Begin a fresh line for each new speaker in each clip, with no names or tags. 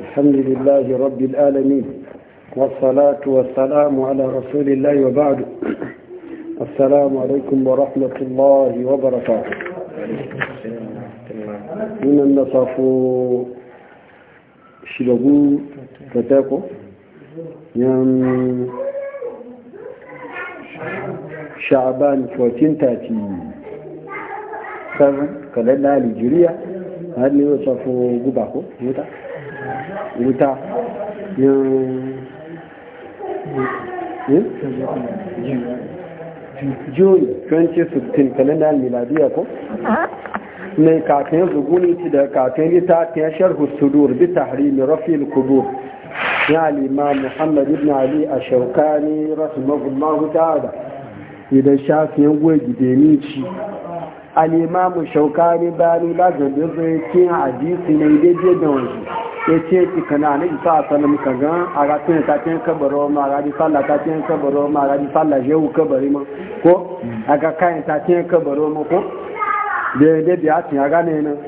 الحمد لله رب العالمين والصلاة والسلام على رسول الله وبعد السلام عليكم ورحمة الله وبركاته من النصف شلغو فتاكو يام شعبان 1437 كالنا الهجرية har ni yóò sọ fún gúbà kó wúta wúta june 2016 miladiya ko mai kafin zuguniti da kafin littafin sharhu sudur bi tahrimi rafil kubur ya al'imam muhammad ibn ali a shaukani rasu mahullahu ta'ada shafin shafiyan gwaji ni alimamu shaukani bani la zambe zai ce hadisi ne daidai da wani ya ce ki kana ne isa ka kaga a ga tun ta tin kabaro ma ga di sallah ta tin kabaro ma ga di sallah yau kabari ma ko a ga kayan ta tin kabaro ma ko da da biya tin a ga nan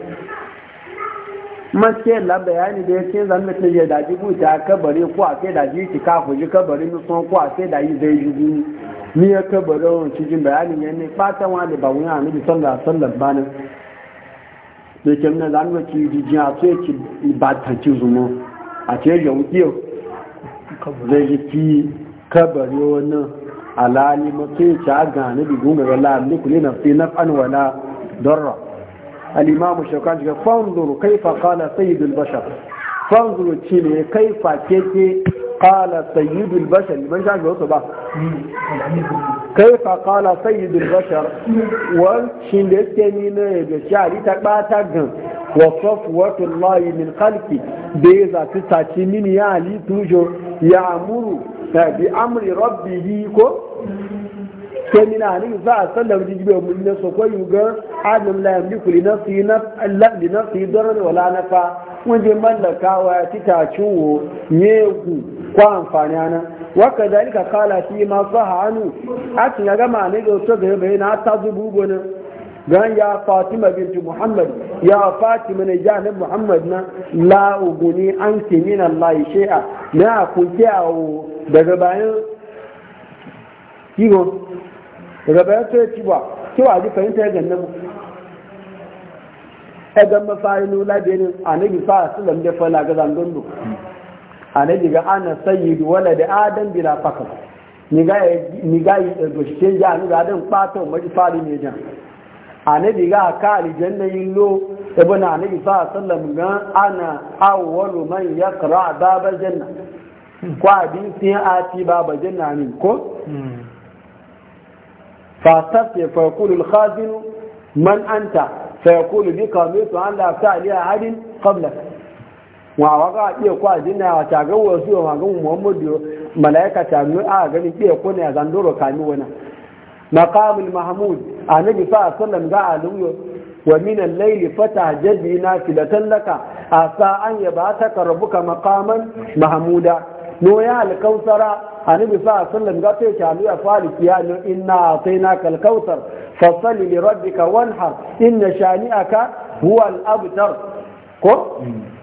maske la bayani da yake zan mutum ya daji buta kabari ko a sai ki ka kabari mu son ko a sai yi zai yi. ni ya kaba rawan cikin bayanin ya ne fatan wani ba wani annabi sallallahu sallar banin da ke nuna zanuwa ki jijin a tsaye ki ibatanci zumo a ce ya wukiyo zai yi fi kaba rawan alali mafi ce a ga annabi gunga ga la'amni kuli na fi na fan wala alimamu al-imam shaukan shiga fanzuru kaifa qala sayyidul bashar fanzuru ci ne kaifa keke قال سيد البشر من شاك يوصبا كيف قال سيد البشر وشين دستمين بشعري تقباتا وصفوة الله من خلق بيزا تساتمين يعني توجو يعمر بأمر ربه كو كمن عليه صلى الله عليه وسلم يجيبه من الناس ويقول عدم لا يملك لنصي لنفسه ضرر ولا نفع وجه ملكا ويتتاچو يغو ko amfani ana wa kadhalika kala fi ma sahanu atin ya ma ne ga to ga na, ta zubu gona gan ya fatima bint muhammad ya fatima ne janib muhammad na la uguni an ki min allah shi'a na ku kiyawo daga bayan kiwo daga bayan to ci ba ji wa ji fahimta ga nan edan mafayin lulabenin annabi sa sallam da jẹ́ fọ́lá ga zangon anabi ga ana sayyidu wala da adam bila fakar ni ga ni ga eh, goshin ja ni ga dan pato maji fari ne jan anabi ga ka aljanna yillo ibn anabi sa sallam ga ana awwalu man yaqra babal janna ko abin sai ati babal janna ne ko fa tafi fa yaqulu man anta fa yaqulu bika mitu an la ta'liya hadin qablaka wa waga iya kwa dina wa ta ga wasu wa ga muhammadu malaika ta nu a ga ni iya a zan doro kami wana maqamul mahmud annabi fa sallam ga aluyo wa min al-layli fatahjad bi nafilatan laka asa an yabataka rabbuka maqaman mahmuda no ya alkausara annabi sa sallam ga sai ta ya faliki ya no inna atainaka alkausar fasalli li rabbika wanhar inna shani'aka huwa al-abtar ko hmm.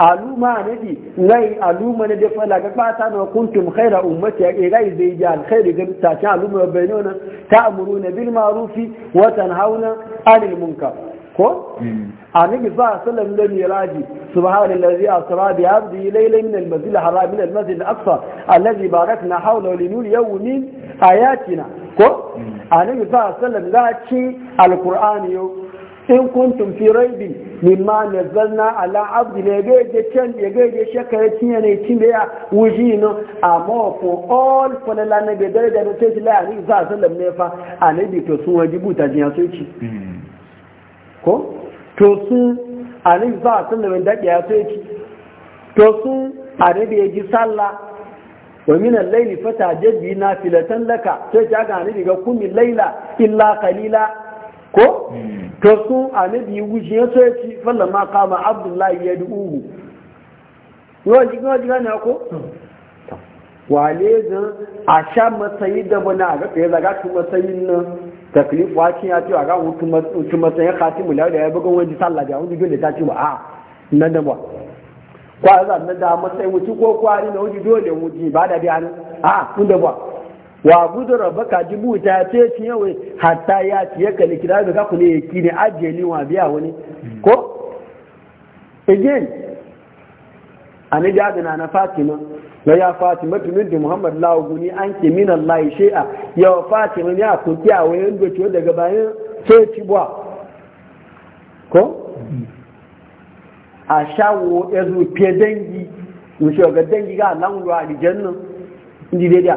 aluma ne bi ngai aluma ne da fala ga bata na kuntum khaira ummati ya e gai zai ji alkhairi ga ta ta aluma bainona ta'muruna bil ma'rufi wa tanhauna 'anil munkar ko hmm. annabi sa sallam da miraji subhanallazi asra bi abdi laylan min al-masjid al-haram min al-masjid al-aqsa alladhi barakna hawla nur min ayatina ko hmm. annabi sa sallam da ci al yau. in kuntum fi raibi mimma nazzalna ala abdi ne ga je can ya ga je shaka ya cinye ne cin da ya wuji no amma for all for the na be dare da ce la ni sa sallam ne fa anabi to sun wajibu ta jiya so ci ko to sun anabi za sallam da ya so ci to sun anabi ya ji sallah wa min al-layli fatajid bi nafilatan laka sai ta ga anabi ga kulli layla illa qalila ko hmm. to su yi wuce ya so ya ci falla ma kama abdullahi ya duhu yau ji gawa jiga ne ko hmm. wale zan a sha matsayi da bana a gaɗe zaga su matsayin nan taklif wakin ya ce a ga hutu matsayin kati mu da ya bugan wani sallah da wani da ta ce ba a na da ba kwa za na da matsayin wuce ko kwari na wani dole wuce ba da biya a kun da ba wa gudu rabaka jibu ta ce hatta ya ci ya kalli kira ga kaku ne ki ne ajiyeli wa biya wani hmm. ko again ani da na na fatima ya ya fatima tumin da muhammad lawo ni an ke min allah shay'a ya fatima ya ku kiya wayan ciwo daga bayan sai ci bwa ko hmm. a shawo ya zo fiye dangi mu shi ga dangi ga nan ruwa aljanna ndi dai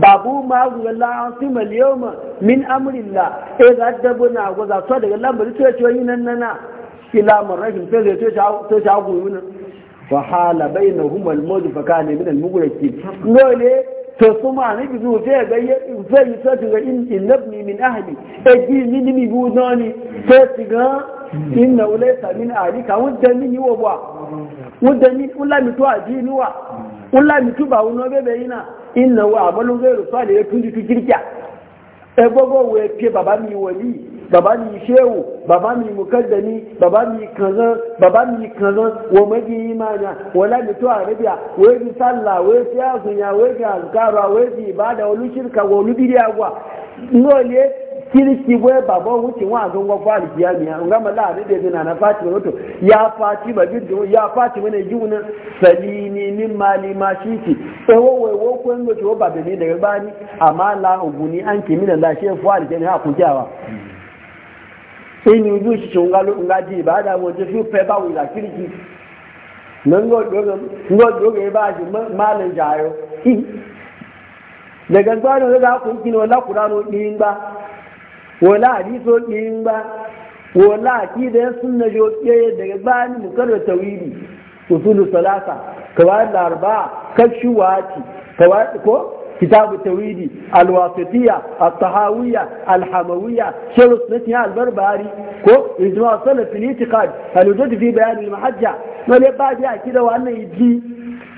babu ma guga la'ansu maliyoma min amurilla e za dabo buna gwaza to daga lamarin to ce yi nan nana ila marrahim sai zai to ta goyi nan wa hala bainahum al-mawj fa kana min al-mughraqi dole to suma ni bi zo sai ga sai sai ga in innabni min ahli e ji min mi bu nani sai ga inna ulaysa min ahli ka wanda min yi wa wanda min ulla mi to ajini wa ulla tu ba wono bebe ina inna wa amalu ghairu salih ya tunji tu kirkiya e gogo we pe baba mi wali baba mi shehu baba mi mukaddami baba mi kaza baba mi kaza wa maji imana wala mi to arabiya we bi sallah we siyasu ya we ga azkara we bi ibada wa lu shirka wa lu bidiya gwa ngole kirki wai baban wuce wa zan wa fali kiyami ya ngama la da da na na fati ba to ya fati ba gidu ya fati mana juna salini min mali ma shiki sai e wa wai wa ko ngo to ba da ni daga bani amma la uguni an ki min la shi e fali kiyami ha ku kyawa sai e ni ju shi ngalo ngaji ba da mu je fi pe ba wi la kirki nan go dogo ngo dogo ba ji malan jayo daga gwano da ku kino la kurano din ba wala hadiso kin ba wala ki da sunna jo ke daga bani mukarra tawili usulu salasa kawa da arba kashu wati kawa ko kitabu tawili alwasitiya atahawiya alhamawiya shurut nati albarbari ko ijma salaf al-i'tiqad halujud fi bayan al-mahajja wala badi akida wannan annahu yidi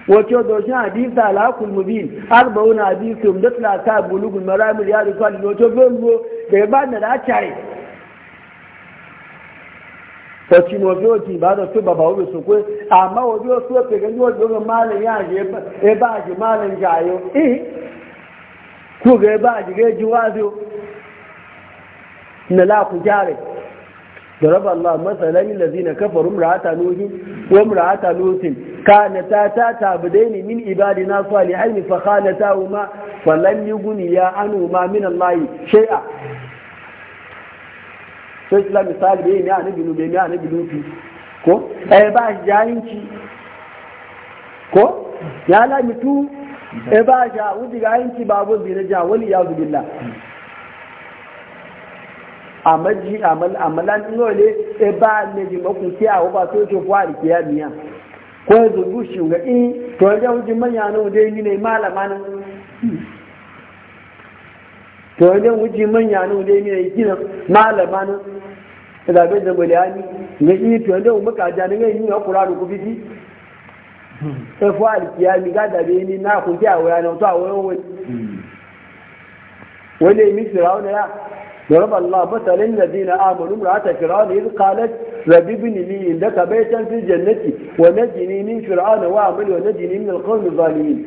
wato doshin hadisa alakul mubin arba'una hadisum da tsala bulugul maramil ya rusul wato bulugul da ba da na cari tọ́tí ni ọjọ́ òjì ìbádọ̀ tó bàbá orí sókó àmọ́ ojú ó tó pẹ̀lú ní ọjọ́ orí máa lè yá àjẹ́ ẹbá àjẹ́ máa lè jà yọ ìhìn kú rẹ̀ ẹbá àjẹ́ rẹ̀ jí wájú nílá àkújá rẹ̀ ضرب الله ta الذين كفروا امرأة نوح na لوط كانتا تعبدين من na صالحين فخانتاهما falan yuguni ya anu ma min Allah shay'a sai islam misali bai ne annabi nu bai ne annabi lufi ko eh ba jayinci ko ya la mitu eh ba ja wudi jayinci babu zina ja wali ya billah amaji amal amalan ngole e ba ne ji makun ki a ba to to kwari ki ya miya ko zungu shi ga in to ja wuji manya no dai ni ne malama nan to wajen wuce manya ne wajen mai gina malama ne zabe da bulani ne yi to wajen muka ja ne yi na qur'ani ku fiti hmm. e fo alkiyami ga da be ni na kun ta waya na to awayo hmm. wani wani mi firawna ya ضرب الله مثلا الذين امنوا امراه فرعون اذ قالت رب ابن لي عندك بيتا في الجنه ونجني من فرعون واعمل ونجني من القوم الظالمين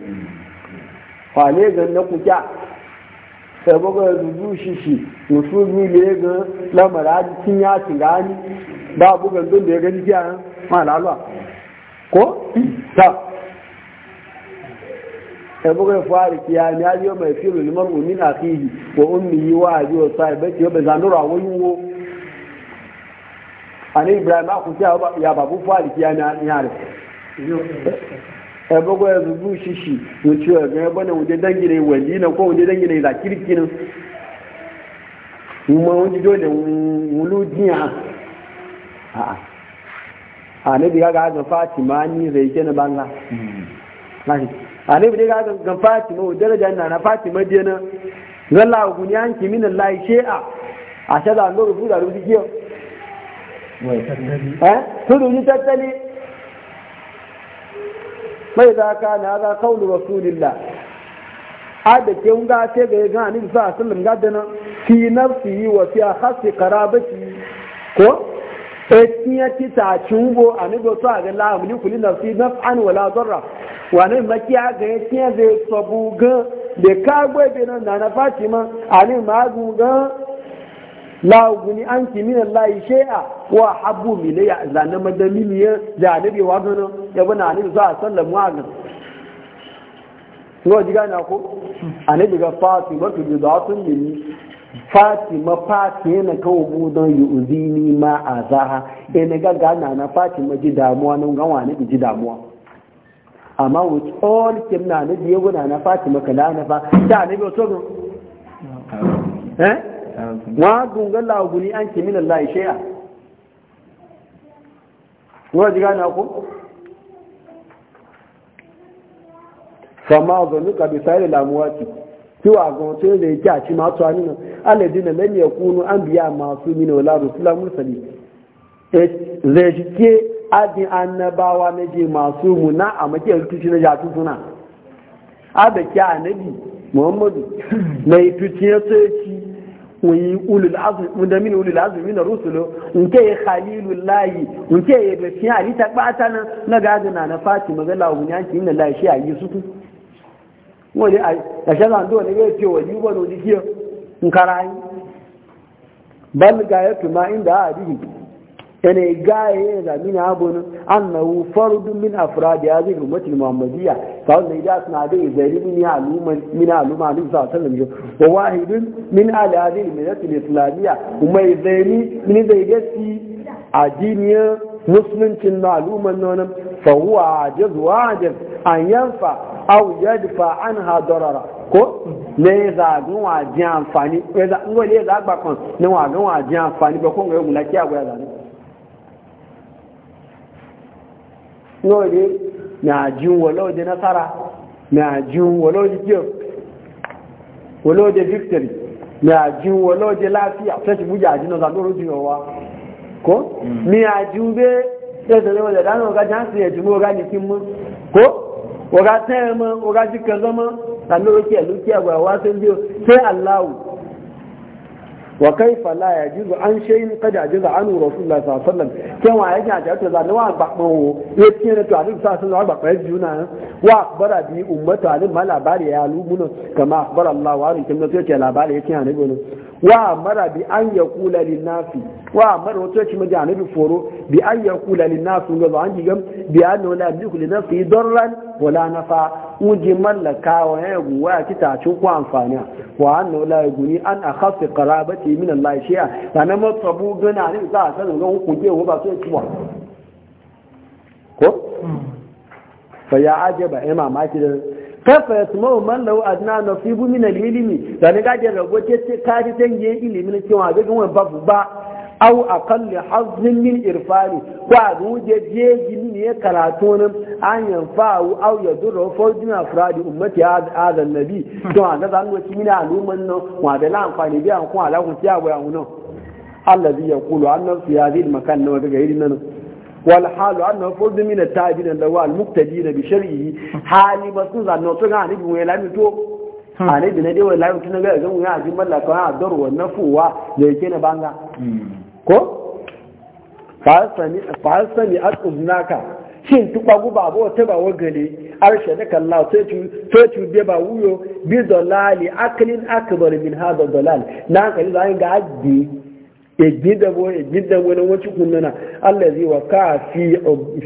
قال اذا نقول saboda zuzu shi shi to su ne ya ga lamar ajikin ya ci gani ba bugan don da ya gani jiya ma lalwa ko ta saboda fari kiya ne ya zo mai firu limar umin akihi wa yi wa aji wa ce wo ibrahim ya babu kiya ne ebogo ya zubu shishi to cewa ga bana wuje dangi ne wali na ko wuje dangi ne za kirki nan wuje dole mulu diya a a ne bi ga ga Fatima ni zai ke na banga
hmm.
a ne bi ga ga Fatima wa daraja na na Fatima je na zalla guniyan ki min Allah shi'a a shaza no rubu da rubu kiyo eh kudu ni tattali mai za ka na za kaulu rasulillah a da ke ga ce ga ya gani su a sallam gadana fi nafsi wa fi a hasi karabati ko etinya ti ta chungo ani go to aga la mu kuli nafsi naf'an wala darra wa ne makiya ga etinya ze sobu ga de ka be na na fatima ani magu ga la guni an ki min Allah a wa habbu ilayya zanan madami ne da nabi wa gano ya bana nabi za sallamu a gano ko jiga na ko annabi ga fatima tu bi zatun minni fatima fati yana kawo budon yi uzini ma a zaha e na gaga na na fatima ji damuwa nan gawa na ji damuwa amma wuce all kim na na biyu guna na fatima ma na na fa da annabi wato eh ma dunga laguni an ke min Allah shay'a wa jiga na ku fama ka bi sayar lamuwati kiwa ga wato da yake a ci masu hannun aladina lam yakunu ma masu min wala rusula mursali e, zai jike adin annabawa na je masu muna a makiyar rikici na jatu suna abaki annabi muhammadu mai tuci ya soyaci wani ulul azmi wanda min ulul azmi min rusulu nke ya khalilul lahi nke ya da shi ali ta bata na, na gazana na fatima ga lahu ne shi inna lahi shi ayi su wani a kashe zan do ne ya ce wani ba no dikiyo in karai bal ga ya tuma inda a dikiyo ene gaya ya zami na abun annahu fardu min afrad ya zai ummati muhammadiyya kawai da idan suna da izari min ya aluma min aluma alaihi sallallahu alaihi wa wahidun min aladi minatul islamiyya kuma izari min da yasi addiniya musuluncin na aluma nan fa huwa ajiz wa ajiz an yanfa aw yadfa anha darara ko ne za gun wa ji amfani ne za ngole za gba kan ne wa gun wa ji amfani ba ko ngai mu lakiya za ne. náà lè mẹ́àjún wọlọ́ọ̀dẹ nasara mẹ́àjún wọlọ́ọ̀dẹ jẹ́ wọlọ́ọ̀dẹ victory mẹ́àjún wọlọ́ọ̀dẹ láàfíà fẹ́sì bújà àjínà lórí ti rọ̀ kó mẹ́àjún hmm. gbé ẹsẹ̀lẹ̀ wọlẹ̀ dáná ọ̀gá wa kaifa la yajuzu an shay'in kada ji ajaza anu rasulullah sallallahu alaihi wasallam kan wa yake ajaza to zanu wa ba mu yake ne to alin sa sun wa ba juna wa akbara bi ummatu alin ma labari ya lumuna kama akbara Allah wa alin kuma sai labari yake annabi ne wa mara bi an ya kula lin nasi wa mara wato ci mu annabi foro bi an ya kula lin nasi ga an gam bi an la yaqulu lin nasi darran wala nafa uji mallaka wa ya guwa ya ci tacin ku amfani wa annu la yuguni an akhafi qarabati min Allah shay'a sanan matsabu gana ne za a sanin ga hukunce ko ba sai ciwa ko fa ya ajaba ai mamaki da kafa yasma'u man lahu adna nasibu min al-ilmi sanan ga da rago ce ce kaji tangiye ilimi ne cewa ga gwan babu ba au a kan aqalli hazin min irfani ko a guje jeji ne karatu nan an yanfa'u au duro fawjin afradi ummati hada nabi to an da zan wuce mina aluman nan wa da la amfani bi an ko ala ku tiya wa nan allazi yaqulu an nafsi hadhihi almakan nan daga irin nan wal halu annahu fawd min at da wal muqtadin bi shar'i hali basu zanno to ga ni bi wela mi to hmm. Ane na bi na dai wai lami ga ga mun ya ji mallaka ha daru wa nafuwa da yake na banga hmm. ko fasani a tsuznaka shin tukpagu ba abuwa ta ba wagale arshe na kalla sai cube ba wuyo bi dalali akalin akabar min hada dalal na hankali za a yi ga ajiye ejin da bo ejin da wani wancan kunnuna allah zai wa ka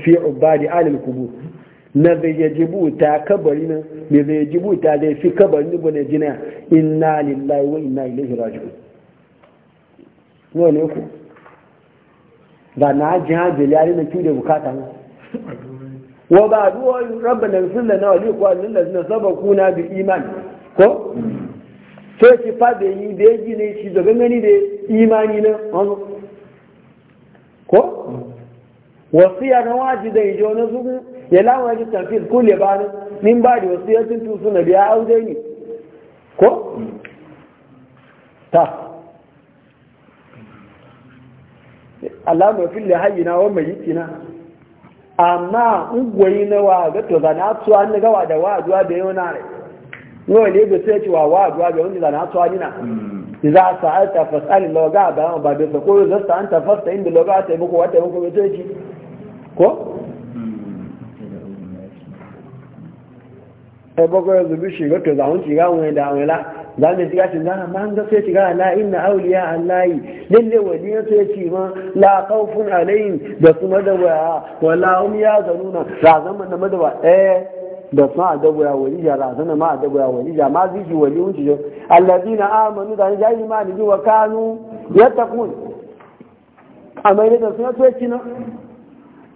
fi ubadi alim kubu na zai ya jibu ta kabari na, mai zai jibu ta zai fi kabari na bane jina inna lillahi wa inna ilaihi raji'un ne ku ga na jiha biliyari na kyau da bukata na wa ba duwa rabba na sulla na wali kuwa lalla na saba kuna bi iman ko sai ki fa da yi da yi ne shi da gangani da imani na wani ko wasiya na waji da ijo na zugun ya lawa ji tafis kulle ba ni min ba da wasiya sun tusu na biya aure ne ko ta alama fil hayyina wa mayitina amma ugwayi na wa ga to zana to an ga wa da wa duwa da yau na rai no le ga sai ci wa wa duwa da wanda zana to anina mm. idza sa'alta fas'al law ga ba ba da ko idza sa'alta fasta inda law ta muku wata ta muku sai ci ko mm. e bogo zubi shi ga to zawun ci ga wani da wani la za mu shiga shi gana ma ga sai shiga la inna awliya allahi lalle wani ya sai ci ma la khawfun alaihim da su madawa wala hum yazanuna ra zaman da madawa eh da su a dabuya wani ja razana ma a dabuya wani ja ma ziji wani wunci jo na amanu da ya yi mani zuwa kanu ya a amma da sun ya ci na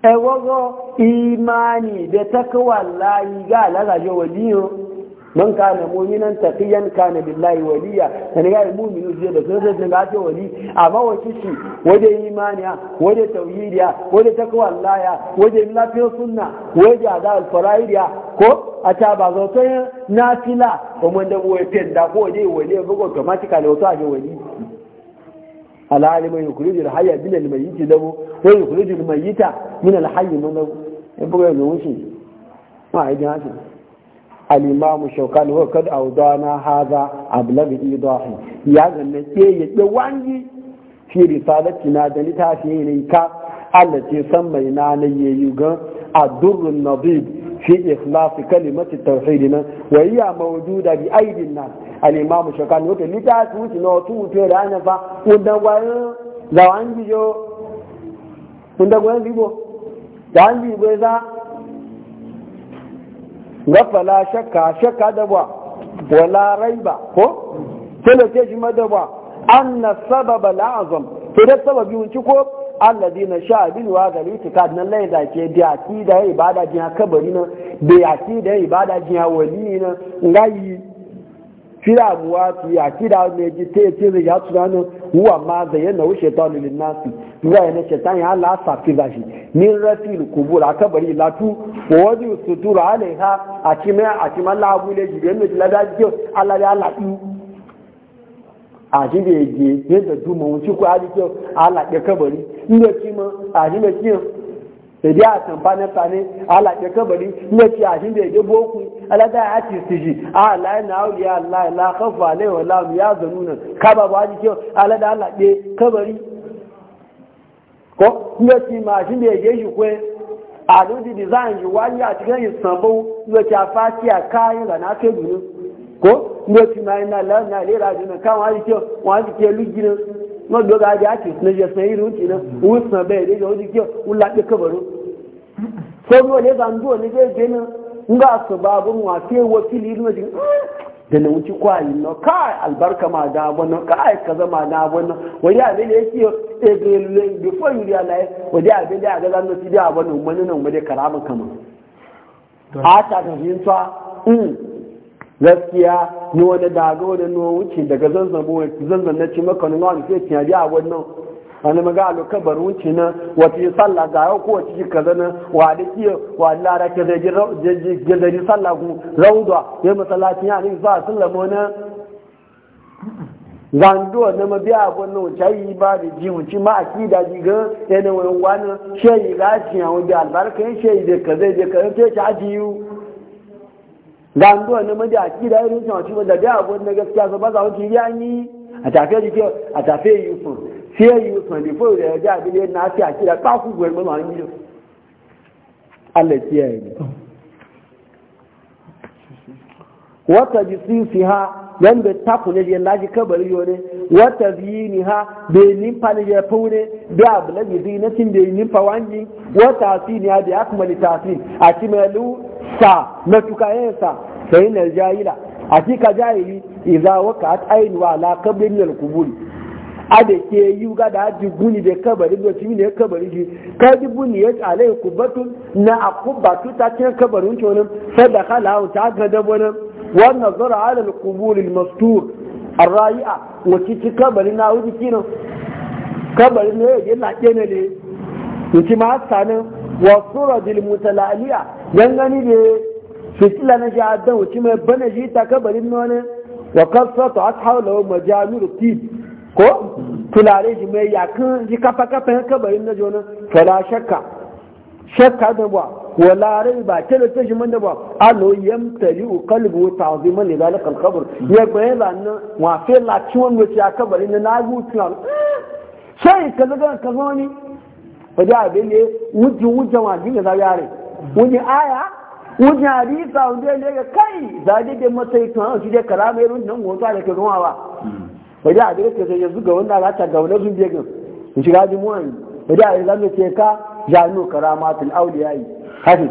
ewogo eh, imani da takawa layi ga lagaje waliyo man kana mu'minan taqiyan kana billahi waliya kana ga mu'minu je da sai sai ga ce wali amma wace shi waje imaniya waje tauhidiya waje takwa Allah ya waje lafiyar sunna waje ada al-faraidiya ko a ta ba zo na fila ko mun da boye fen da ko waje wali bugo automatically wato aje wali alhali mai yukuri da hayya bin al-mayyit dabu ko yukuri da mayyita min al-hayy mun da bugo ya wuce ma ai da haka alimamu shaukan huwa kad audana hadha ablag idahi ya ganna ke ya ke wangi fi risalati na da litafi ne Allah ce san mai na na yayu ga adurrun nadid fi ikhlas kalimati tauhid nan wa hiya mawjuda bi aidin nas alimamu shaukan huwa litafi wuce na tu tu da ana fa wanda wayo zawangi jo wanda wayo libo zawangi bai za gafala la shakka shakka da ba wala ba ko tana ce shi madaba na sababa la'azam to da sababi mun ci ko na sha abin wa gal ka nan lai da ke da ya ibada jiya kabari nan da ya ibada jiya wali nga yi fira muwa fi akida ne ji te ce ya tunanin huwa ma zayyana ta lin nasi zuwa yana ta ya Allah safi zashi min rafil kubur aka bari latu wa wadi sutura alaiha a cikin a abu ne jibe ne da da jiyo Allah ya latu a jibe je yadda duma wuci ko ali Allah ya kabari inda kima a jibe kiyo sai dai a Allah ya kabari ki a boku Allah da ya ci na Allah la e alaihi wa la kaba ba Allah da Allah ya kabari ko ihe ti ma shi ne ya shi kwe a lodi design yi wani a aka istanbul ne a ka da na ke gudun ko ne ti ma yana lana lera jina kan wani ke na doga aji ake na je na iri wuce na wusan bai da ya wuce ke wula ɗi kabarin ndị ne ndị na nga su da na wuce kwayi na kai albarka ma da wani kai ka zama na wani wani abin da yake egelele before you realize wani abin da ya ga zanen su da wani wani nan wani karamin kama a ta fahimta in hmm, gaskiya ni wani daga wani nuwa wuce daga zanzan na ci maka wani wani sai tiya wani wani maga aluka barunci na wata yi sallah ga yau kowace ji kaza na wa da kiyo wa lara ke zai gizari sallah ku rauda ya masalacin ya nufi sun sallama na zando na mabiya abun nan wuce yi ba da ji wuce ma a kida ji ga yana wani wani shayi ga ci a wani albarka yin shayi da kaza da kaza ta ci aji yi zando na mabiya a kida irin shi wuce da biya abun na gaskiya su ba za wuce yi a tafe jike a tafe yi sun tí èyí sàn fún ìrẹ̀ ọjọ́ àbílẹ̀ ẹgbẹ́ alẹ̀ tí ẹ̀ wata ji sí sí ha yan da tapu ne ya laji kabari yore wata yi ni ha bai nimfa ne ya faune Bi abu na na cin bai wani wata fi ni ha da ya kuma a cimalu sa na tukayen sa sai na a iza waka at ainiwa la ada ke yi ga da ji buni da kabari da tumi ne kabari shi ka ji buni ya ku kubatu na akubatu ta cikin kabarin da kala lahu ta ga dabonin wannan zara ala al-qubur al-mastur al raia wace ci kabari na wuji kino kabari ne ya lake ne ne yace ma sanin wa surajil mutalaliya dan gani da fitila na adan wuci mai bane shi ta kabarin nonin wa kasatu ashawla majamiru tib ko tulare shi mai yakin ji kafa kafa yan kabarin na jona fara shakka shakka da ba wa lare ba da ta shi da ba ano yamtari qalbu ta'ziman li zalika al-qabr ya bayan na wa fe la ciwon wuce a kabarin na nagu tunan sai ka zaga ka zo ni fa da abin ne wuce wuce ma dinga za yare wuce aya wuce hadisa wuce ne ga kai za dai da masai kan shi da karamai rundun gosa da ke zuwa ba bai da abin da yanzu ga wanda za ta gauna sun biya gan in shiga jimuwan bai da abin da ce ka jami'u karamatul auliyayi kashin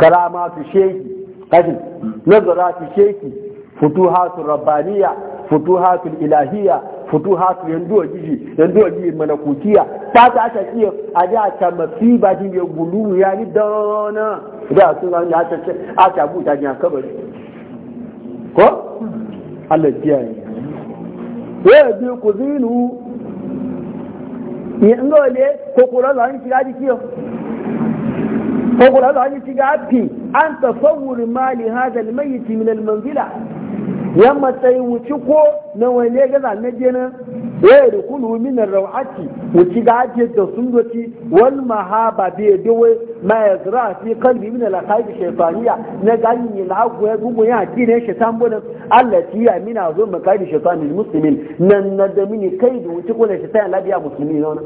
karamatu shehi kashin nazaratu shehi futuhatu rabbaniya futuhatu ilahiya futuhatu yanduwa gishi yanduwa gishi malakutiya ta ta aka iya a ji a ta mafi ba shi ne gulu ya ni dana da sun zan da aka ce aka buta jiya kabari ko Allah biya ne wẹ́ẹ̀bí kò sí ìlú ìyẹnlọ́ọ̀lẹ́ kòkòrò lọ ní ṣìgá díkí ọ kòkòrò lọ ní ṣìgá pì á ń tọ̀fọ́wùrì máa lè hàn àtẹ̀lẹ́mẹ́yìí tìmìlẹ̀ lè mọ̀ngílà ya matsayi wuci ko na wani gaza na gina ya yi rukunu minar rauhaki wuci ga ajiyar da sun doci wal mahaba bai ya dewe ma ya zira fi kalbi minar lakaibi shaitaniya na ganin na lagu ya gugu ya haƙi ne shaitan bonus allah ci ya mina zo makaibi shaitanin musulmin nan na da mini kai da wuci ko na shaitan labiya musulmi na wani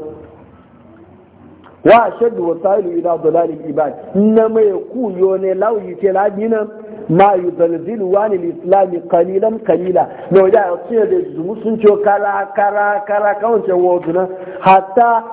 wa shaddu wa sa'ilu ila dalalil ibad na mai kuyo ne lauyi ce labinan ma yi zalzilu wani islami kalilan kalila na wajen a cikin da su sun ce kara kara kara kawance wasu nan hatta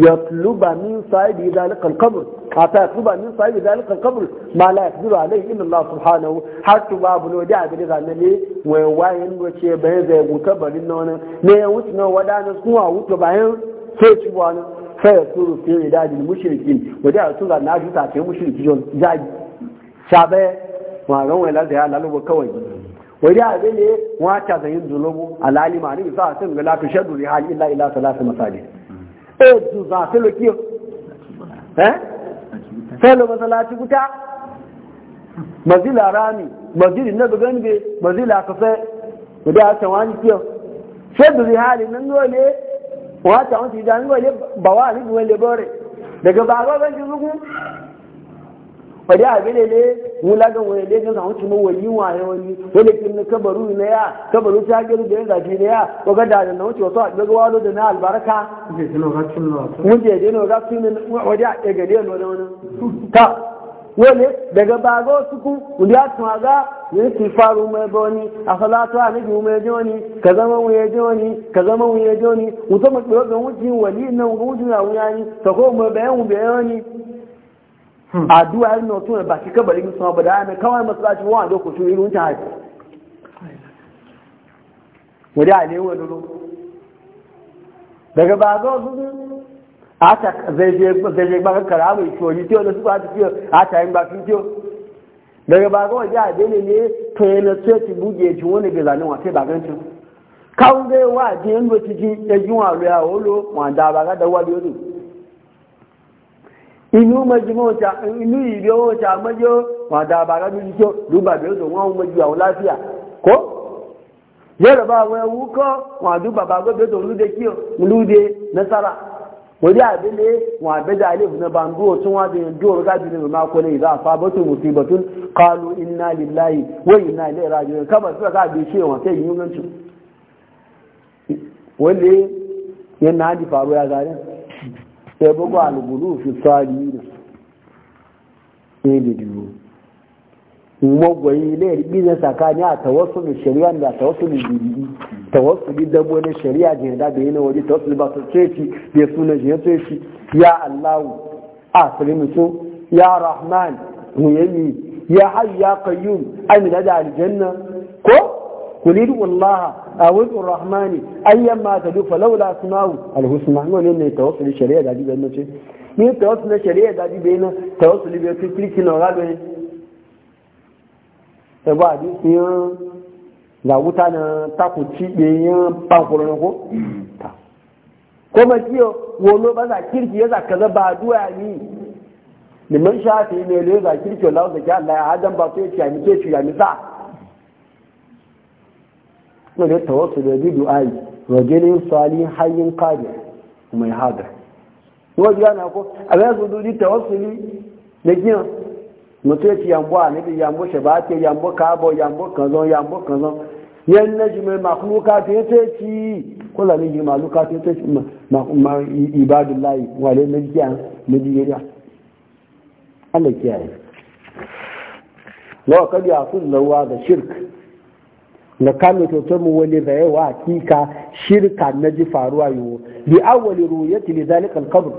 ya tluba min sahibi zalikal kabur hatta ya tluba min sahibi zalikal kabur ma la yakdiru alaihi illa Allah subhanahu har tu babu no da abin da ne wai wayan wace bayan zai guta barin nan ne ya wuce na wadana suwa wuce bayan sai ci wani sai ya turu fiye da dajin mushrikin wajen a tura na juta fiye mushrikin jaji sabai wa ga wani lafiya lalubu kawai Wai wani abin ne wata zayin zunubu alalima ne za a sun ga lafi shaddu hali illa illa ila salasa masajid ezu eh, za su lokiyo eh fẹ́lọ masalasi kúta mazila rami mazili na dogon be mazila kafe da a tawa ni kiyo sai da zihari nan dole wata wani da nan dole ba wa ni dole bore daga ba ga ban ji zugu fari a gane ne wula ga wani ne gaza wancin cimo wani waye wani wani kin na kabaru na ya kabaru ta gani da ya zafi na ya ko ga dalin na wancin wato a ga wado da na albarka mun je dai no ga tun wani a ga ne wani wani ta wani daga bago suku wani ya tuma ga ne ki faru mai boni a salatu a nabi mai joni ka zama mu ya joni ka zama mu ya joni mutum mu ga wucin wali nan wucin ya wuyani ta ko mu bayan mu bayani Hmm. addu'a yin ne ba shi kabari musamman ba da yana kawai masalacin wa da kusur irin ta haifu wadda a lewa duro daga ba zo su a zai je ba kara mai shoni tiyo da su ba ta tiyo a ta yin bakin tiyo daga ba ga wajen adini ne to yana so ci buge ci wani bai wa sai bagancin kawai zai wa jiyan da ya ji wa wolo wanda ba ga da wani yau inú mẹjúmọ́ ọ̀tà inú ìrí owó ọ̀tà mẹjọ wàdà àbàrà lójú tó lùgbàdì ó dùn wọn mẹjọ àwọn láfíà kó yẹ́rọ bá àwọn ẹwú kọ́ wọn àdú bàbá gbọ́dọ̀ tó lúdẹ kí lúdẹ mẹ́sára orí àbẹ́lé wọn àbẹ́dà ilé ìfúnná bá ń dúró tí wọ́n ti ń dúró kájú ní ìmọ̀ akọ́ni ìlú àfábọ́tò mùsùlùmí bọ̀tún kálù iná líláyì wọ́n iná ilé ìrajú rẹ̀ kábà síbẹ̀ káàbí iṣẹ́ wọn tẹ́ yìí sai bugu algulu fi salihin ne da biyu magwayi ne bizin tsakani a tawassulin shari'a da tawassulin jirgi tawassuli dabbobin shari'a jihar da bayyana waje tawasu ba su ceci da suna jihar ceci ya allahu a mutum ya rahman muyami ya hayyu ya qayyum amina da aljanna ko قل ادعوا الله او ادعوا الرحمن ايما تدعوا فلولا اسماء الحسنى نقول ان التوصل الشريعه ده دي بيننا شيء مين التوصل الشريعه ده دي بيننا توصل بين كريكين وغابين تبع دي سيان لا وتانا تاكو تشي بين بانكورن كو كما كيو ولو بذا كيركي يذا كذا بعدوا يعني liman shafi ne ne za kirki Allah zaki Allah ya adam ba sai ya ci ya mi sai ya mi sa kuma da tawassu da bi du'ai rajulin salihin hayyin qadir mai hadar wanda yana ko a ga su dudi tawassuli da kiyan mutu ya ci yambo a nabi yambo ke yambo kabo yambo kanzo yambo kanzo yan najmi makhluka ta yace ci kula ne yi maluka ta yace ci ma ibadullahi wale ne kiyan ne diya Allah kiyaye lawa a kun lawa da shirka. na kame kyautar mu wani zaye wa hakika shirka na ji faruwa yiwu bi awali ru'yati li zalika al-qabr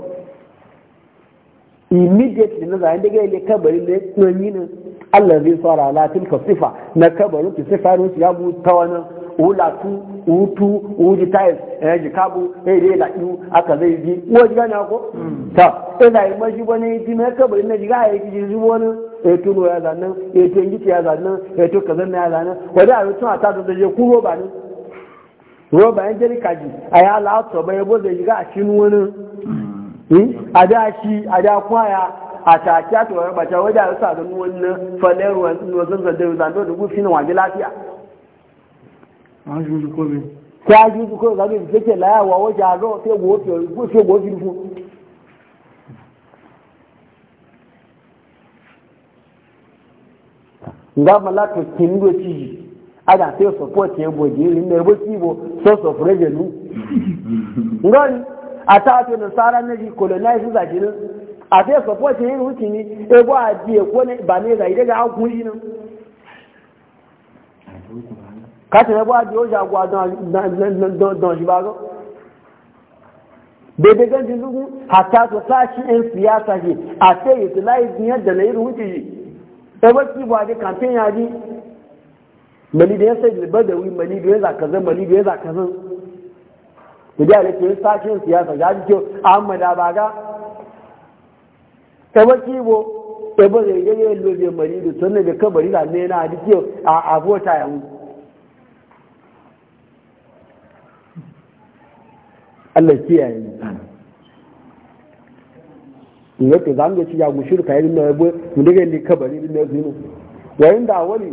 immediately na zayen daga ile kabari ne tsanyi ne Allah zai fara ala tilka sifa na kabarin ki sifa ne ya bu ta wani wulatu utu uji tayis eh ji kabu eh dai la iu aka zai ji ji na ko mm. ta ina eh, yi mashi wani yi mai kabarin na jiga ya yi ji wani ya tuno ya zanen ya ngiti ya zanen ya to na ya zanen Wani a mutum a da je ku roba ne roba yan jari kaji a ya la'atsa bai bo zai shiga a cikin wani a da shi a da kwaya a take ta wani bata wadda a ganin wani falayar wasan zanen zanen da gufi na waje lafiya. Wọ́n ṣe ojú kó mi. Kí a ṣe ojú kó mi, kí a ṣe ojú kó mi, kí a ṣe láyàwó ọwọ́ ṣe àárọ̀, fi nga malatu kindo ci ada sai support ya boje rin da rubo kibo source of ngani ata to na sara na za ji a sai support ya ruci ni e bo a ji e ko ne ba ne ga idaga an kuri nan ka ta bo a ji o ja gwa don siyasa ji a sai utilize yadda na yi ebe ba da kamfen ya ji mali da ya sai da badawi mali da ya zakazan zan mali da ya zakazan zan ku da yake sakin siyasa a ji ko Ahmad Abaga ebe ki bo ebe da ya yin lobe mali da sunna da kabari da ne na ji kyau a abota ya mu Allah kiyaye yadda za mu ci ya gushir ka yin na bu mu daga ne kabari ne zinu wa da wani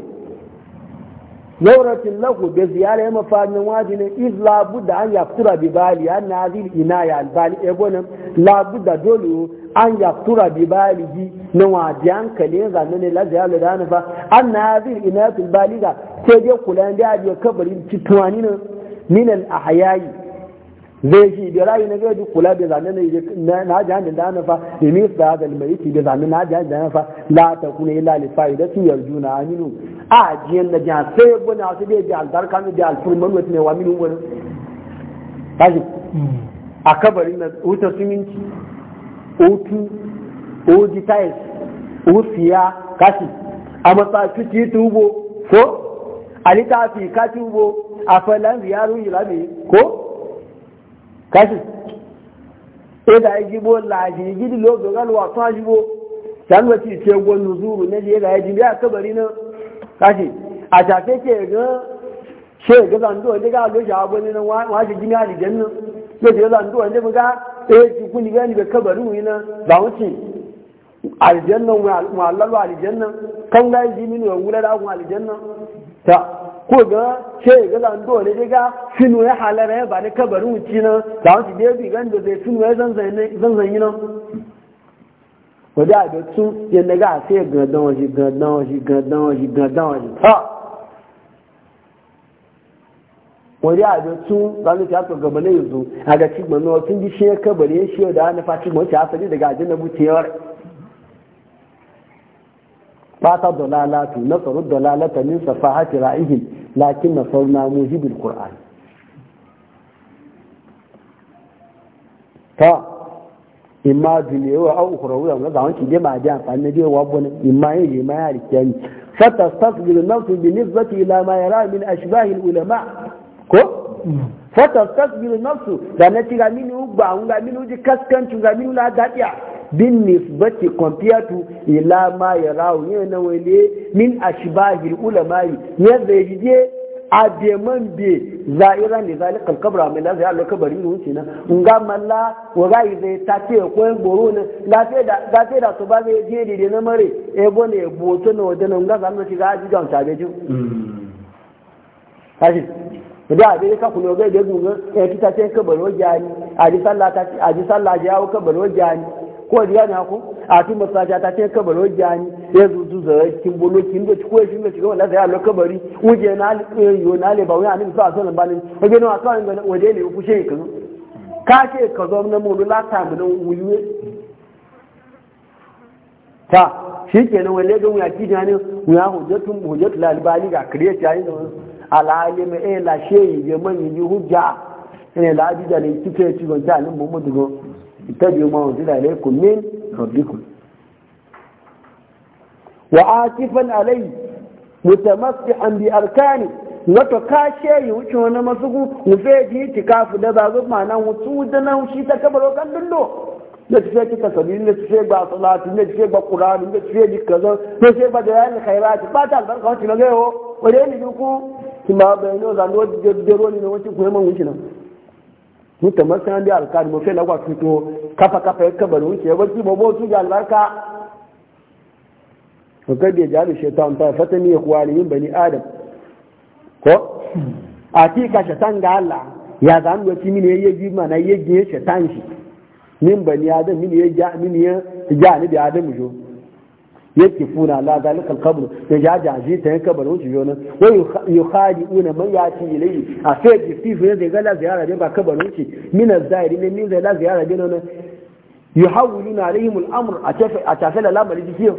yawratin lahu bi ziyara ya mafanin waji ne iz la budda an yaftura bi bali an nazil inaya al bali e nan la budda dole an yaftura bi bali ji, na wadi an kale zanne ne la ziyara da na fa an nazil bali ga sai dai kula da ya kabari ci tuwani ne min al ahyayi zai shi da rayu na gaji kula da zane na na jihar da na fa da ne su da mai yake da zane na jihar da na fa la ta kuna lalifa lifai da su yarju na aminu a jiyan na jihar sai a su bai ji albarka ne da alfurman wata ne wa minu wani tashi hmm. a kabari na wuta suminci otu oji tais ofiya kashi a matsafi ci tubo ko a littafi kashi tubo a falan ziyaru yi ko kashi yi ajibo laji gidi lobe wa to ajibo dan wati ce go nuzuru ne je ga ajibi a kabari na kashi a tafe ke ga ce ga zan do ne ga lo ja ne na, wa shi gini ali janna? nan ne je zan do ne ga e ki kuni ga ni ga kabari mu ina ba wuce aljanna wa Allah aljanna kan ga jini ne wura da aljanna ta ko ga ce ga zando ne daga sinu ya halara ya ba ni kabarin wuci nan da wasu da ya bi da zai sinu ya yi nan wadda a datsun yadda ga a sai gandan waje gandan waje gandan waje gandan waje ha wadda a datsun zanen ta yato gaba na yanzu a ga cikin na tun ji shi ya kabarin shi yau da hannufa cigban wacce asali daga ajiyar na bucewar fata dalalatu nasaru dalalata min safahati ra'ihim lakin nasarna mujibil qur'an ta imma duniyawa au ukhrawi amma da wanki dai ma ji amfani dai wa bune imma yin imma ya rike ni fatastasbil nafsu bi nisbati ila ma yara min ashbahi ulama ko fatastasbil nafsu da na ci ga mini ugba ga mini kaskan kaskanci ga mini la gadiya bin nisbati compared ila ma yarahu na wale min ashbahil ulamai yadda yaje ademan be zaira ne zalikal kabra mai lazi allo kabari ne wuce na nga malla wa yi zai ta ce ko goro ne lafiya da lafiya da to ba zai je dide na mare e gone e boto na wadana nga zan mu shiga ji gan tabe ju kashi da abi ka kuno gai da gunga e ta ce kabaro jani aji sallah ta aji sallah jawo kabaro jani ko ji gane ko a tun masaja ta ce kabaro jani ya zuzu zara kin bolo kin da ko shi da shiga wala da ya lo kabari uje na eh, yo na le ba wani annabi sallallahu alaihi wasallam balin waje na sallallahu alaihi waje ne ku she kan ka ce ka zo na mu la ta mu nan wuyuwe ta shikenan wale ga wuya kidi ne wuya hujjatun hujjatul albani ga create yayin da alalimi eh la sheyi je man yi hujja eh, ne la bi da ne kike ci gon ta mu mu dugo اتبعوا ما انزل اليكم من ربكم وعاكفا عليه متمسحا باركانه wato ka yi wuce wani masu wufe ji tikafu da zazu ma'ana wutu da na wuce ta kabaro kan dundo da tafiye ki sabi da tafiye ba salatu da tafiye ba kurani da tafiye ji kaza da tafiye ba da yayin khairati ba ta albarka wacce na gayo wani ne duku ki ma bayano zanuwa do da roni ne wacce ku yi man wuce nan mutum masu da alkali mafi lagwa fito kafa kafa ya kabar wuce ya baki babo su ga albarka to kai bai jami shaitan ta fatani ya kuwa ne yin bani adam ko a tika shaitan ga Allah ya zama wasi mini ya yi mana ya yi shaitan shi min bani adam mini ya ja mini ya ja ni da adam jo yake funa la zalikal qabr ya jajaje ta yanka barin shi yonan wai yukhadi'una man yati ilayhi a sai gififu ne daga la ziyara da ba kabarin shi min az-zahiri ne min la ziyara da nan yuhawiluna alaihim al-amr a tafi a tafi la lamari dikiyo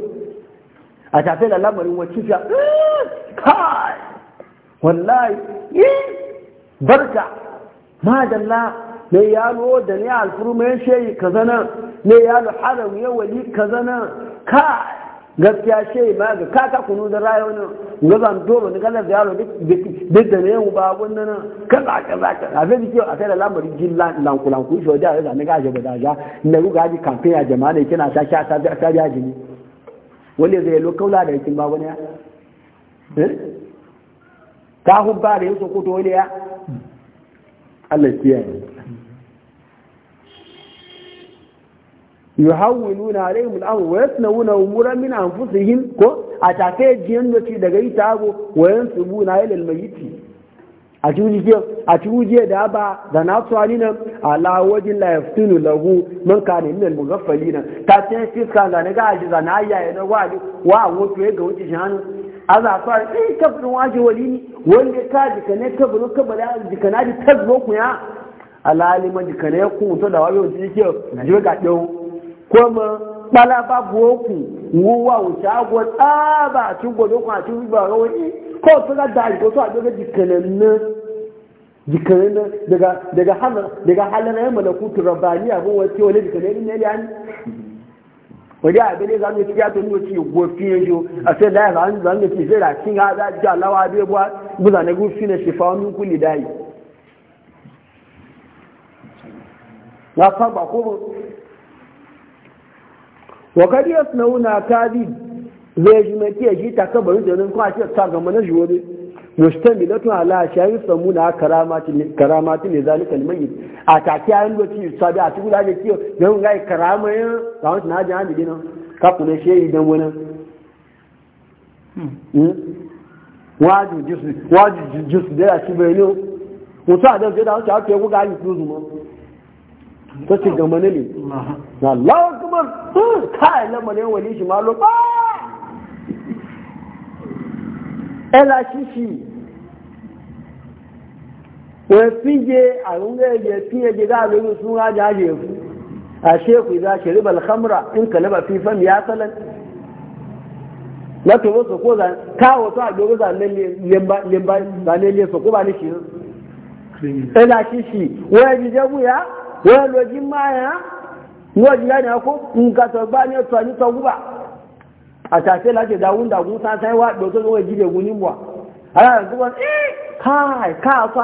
a tafi la lamarin wacce ta kai wallahi barka ma madalla ne yalo da ne alfurmen shehi kazana ne yalo haram ya wali kazana kai gaskiya shi ba ga kaka kunu da rayuwa ne ga zan dole ni kallar da yaro duk da ne ba wannan kaza kaza a zai da a kai da lamari jin lanku ku shi da da ne gaje da ja ne ku gaji campaign a jama'a ne kina sha sha ta ta jaji ne wanda zai lo kaula da yakin ba wani ya eh? ka hubba da yaso ko to ya Allah yi yuhawwiluna alaihim al-amr wa yasnawuna umuran min anfusihim ko a take jiyan da ci daga ita ago wa yansubuna ila al-mayyiti a cikin a cikin da ba da na tsali nan ala wajin la yaftinu lahu man kana min al-mughaffalina ta ce fiska da na ga ji zana yaye na wali wa wato ga wuce shanu aza fara eh kafin waje wali ne wanda ka jika ne kabaro kabara jika na ji tazbo ku ya alalima jika ne ku to da wayo jike na ji ga dawo kuma balaba boku wuwa wuce agwa tsaba a cikin gobe kuma a cikin ba ga wani kawai sun ga dari ko su a daga jikananna daga daga halar daga halar ya malakutu rabani abin wace wani jikanan ne ya ni wani abin ne zamu ci ya to ni ci gofi ne jo a sai da zan zan ne ci zira kin ga da ji Allah wa be bua buza ne gofi ne shifa min kulli dai na fa ba ko wa kad yasnauna bi zai ji mai ke shi ta kabarin da nan kuma ce ta gama na jiwo ne mustamilatu ala shayi samuna karamatin karamatin ne zalika limayyit a yin ayin lokaci sabi a cikin da kiyo dan ga karamayin ga wannan na jin hadi dinan ka shi yi dan wani hmm? waju jisu waju jisu da shi bai ne mutu a da zai da wata ake wuga yi tuzu mu ta ce gama ne ne na lawa kuma kai lamar yawon wani shi malo ba ela shi shi wani fiye a runga yadda fiye gida a lori sun raji haje ku a sheku za ki ribar hamra in ka liba fifan ya salan na tobe su ko za ka wasu a dogo za ne lemba ne lemba ne su ko ba ni shi ela shi shi wani jijabu ya wọ́n lọ jí máa yàn wọ́n jí láti ọkọ́ nǹkan tó gbá ní ọ̀tọ̀ ní tọgbà àtàṣẹ́ láti ìdáwó ìdàgún sáńsáń wá gbọ́ tó ogun ní mọ̀ ara rẹ̀ tó wọ́n káàì káàkọ́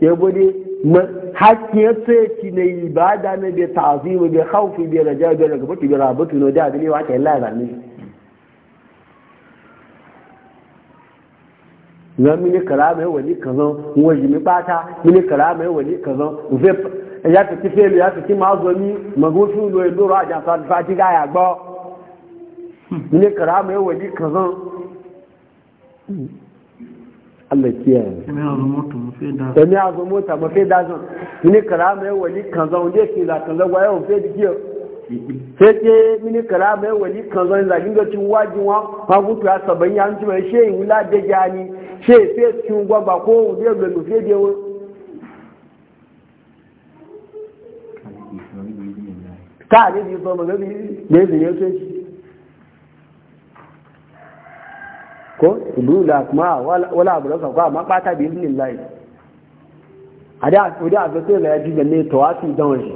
ààrẹ ní hakkin ya ce ki na ibada na bai ta'azimu bai khawfi bai raja bai ragabatu bai rabatu no da ne wa kai Allah zalimi na mini karama ya wani kazan waje mi bata mini karama ya wani kazan zip ya ta ci felu ya ta ci mazomi magusu lo ya dora a jansa da fati ga ya gbọ́ mini karama ya wani kazan Allah kiyaye sami a zo mota mafi dazon mini kara mai wali kan zan wanda ke za kan zan waye wafe da kiyo sai ke mini kara mai wali kan zan zagin ga cin wajin wa fagutu ya saban ya hanci mai shehi wula da gani shehi sai cikin gwamba ko wuje ga nufe da yawon ka ne bi so magana ne zai yau sai ko lula kuma wala abu da kwa ma bata bi izinin layi a da a da ga sai ya jiga ne to tawafi da wani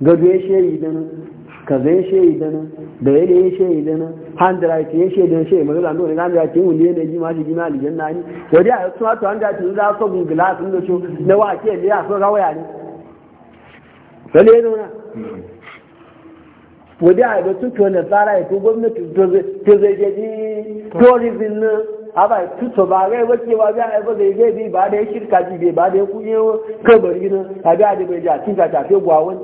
gado ya shehi dan ka zai shehi dan da ya ne ya shehi dan handwriting ya shehi dan shehi magana ndo ne gami ya ce wunde ne ji ma shi gina alijan na ni to da ya tsuwa to an da tun za so gungula sun da shi na wa ke ne ya so rawaya ne sai ne ya wadi a ga tuto na tsara ya to gwamnati to zai gaji tourism na aba tuto ba ga ba ke ba ga ba zai bi ba da ya shirka ji bai ba da ya kunye kabari na a ga da bai ja tinka ta fe gwawon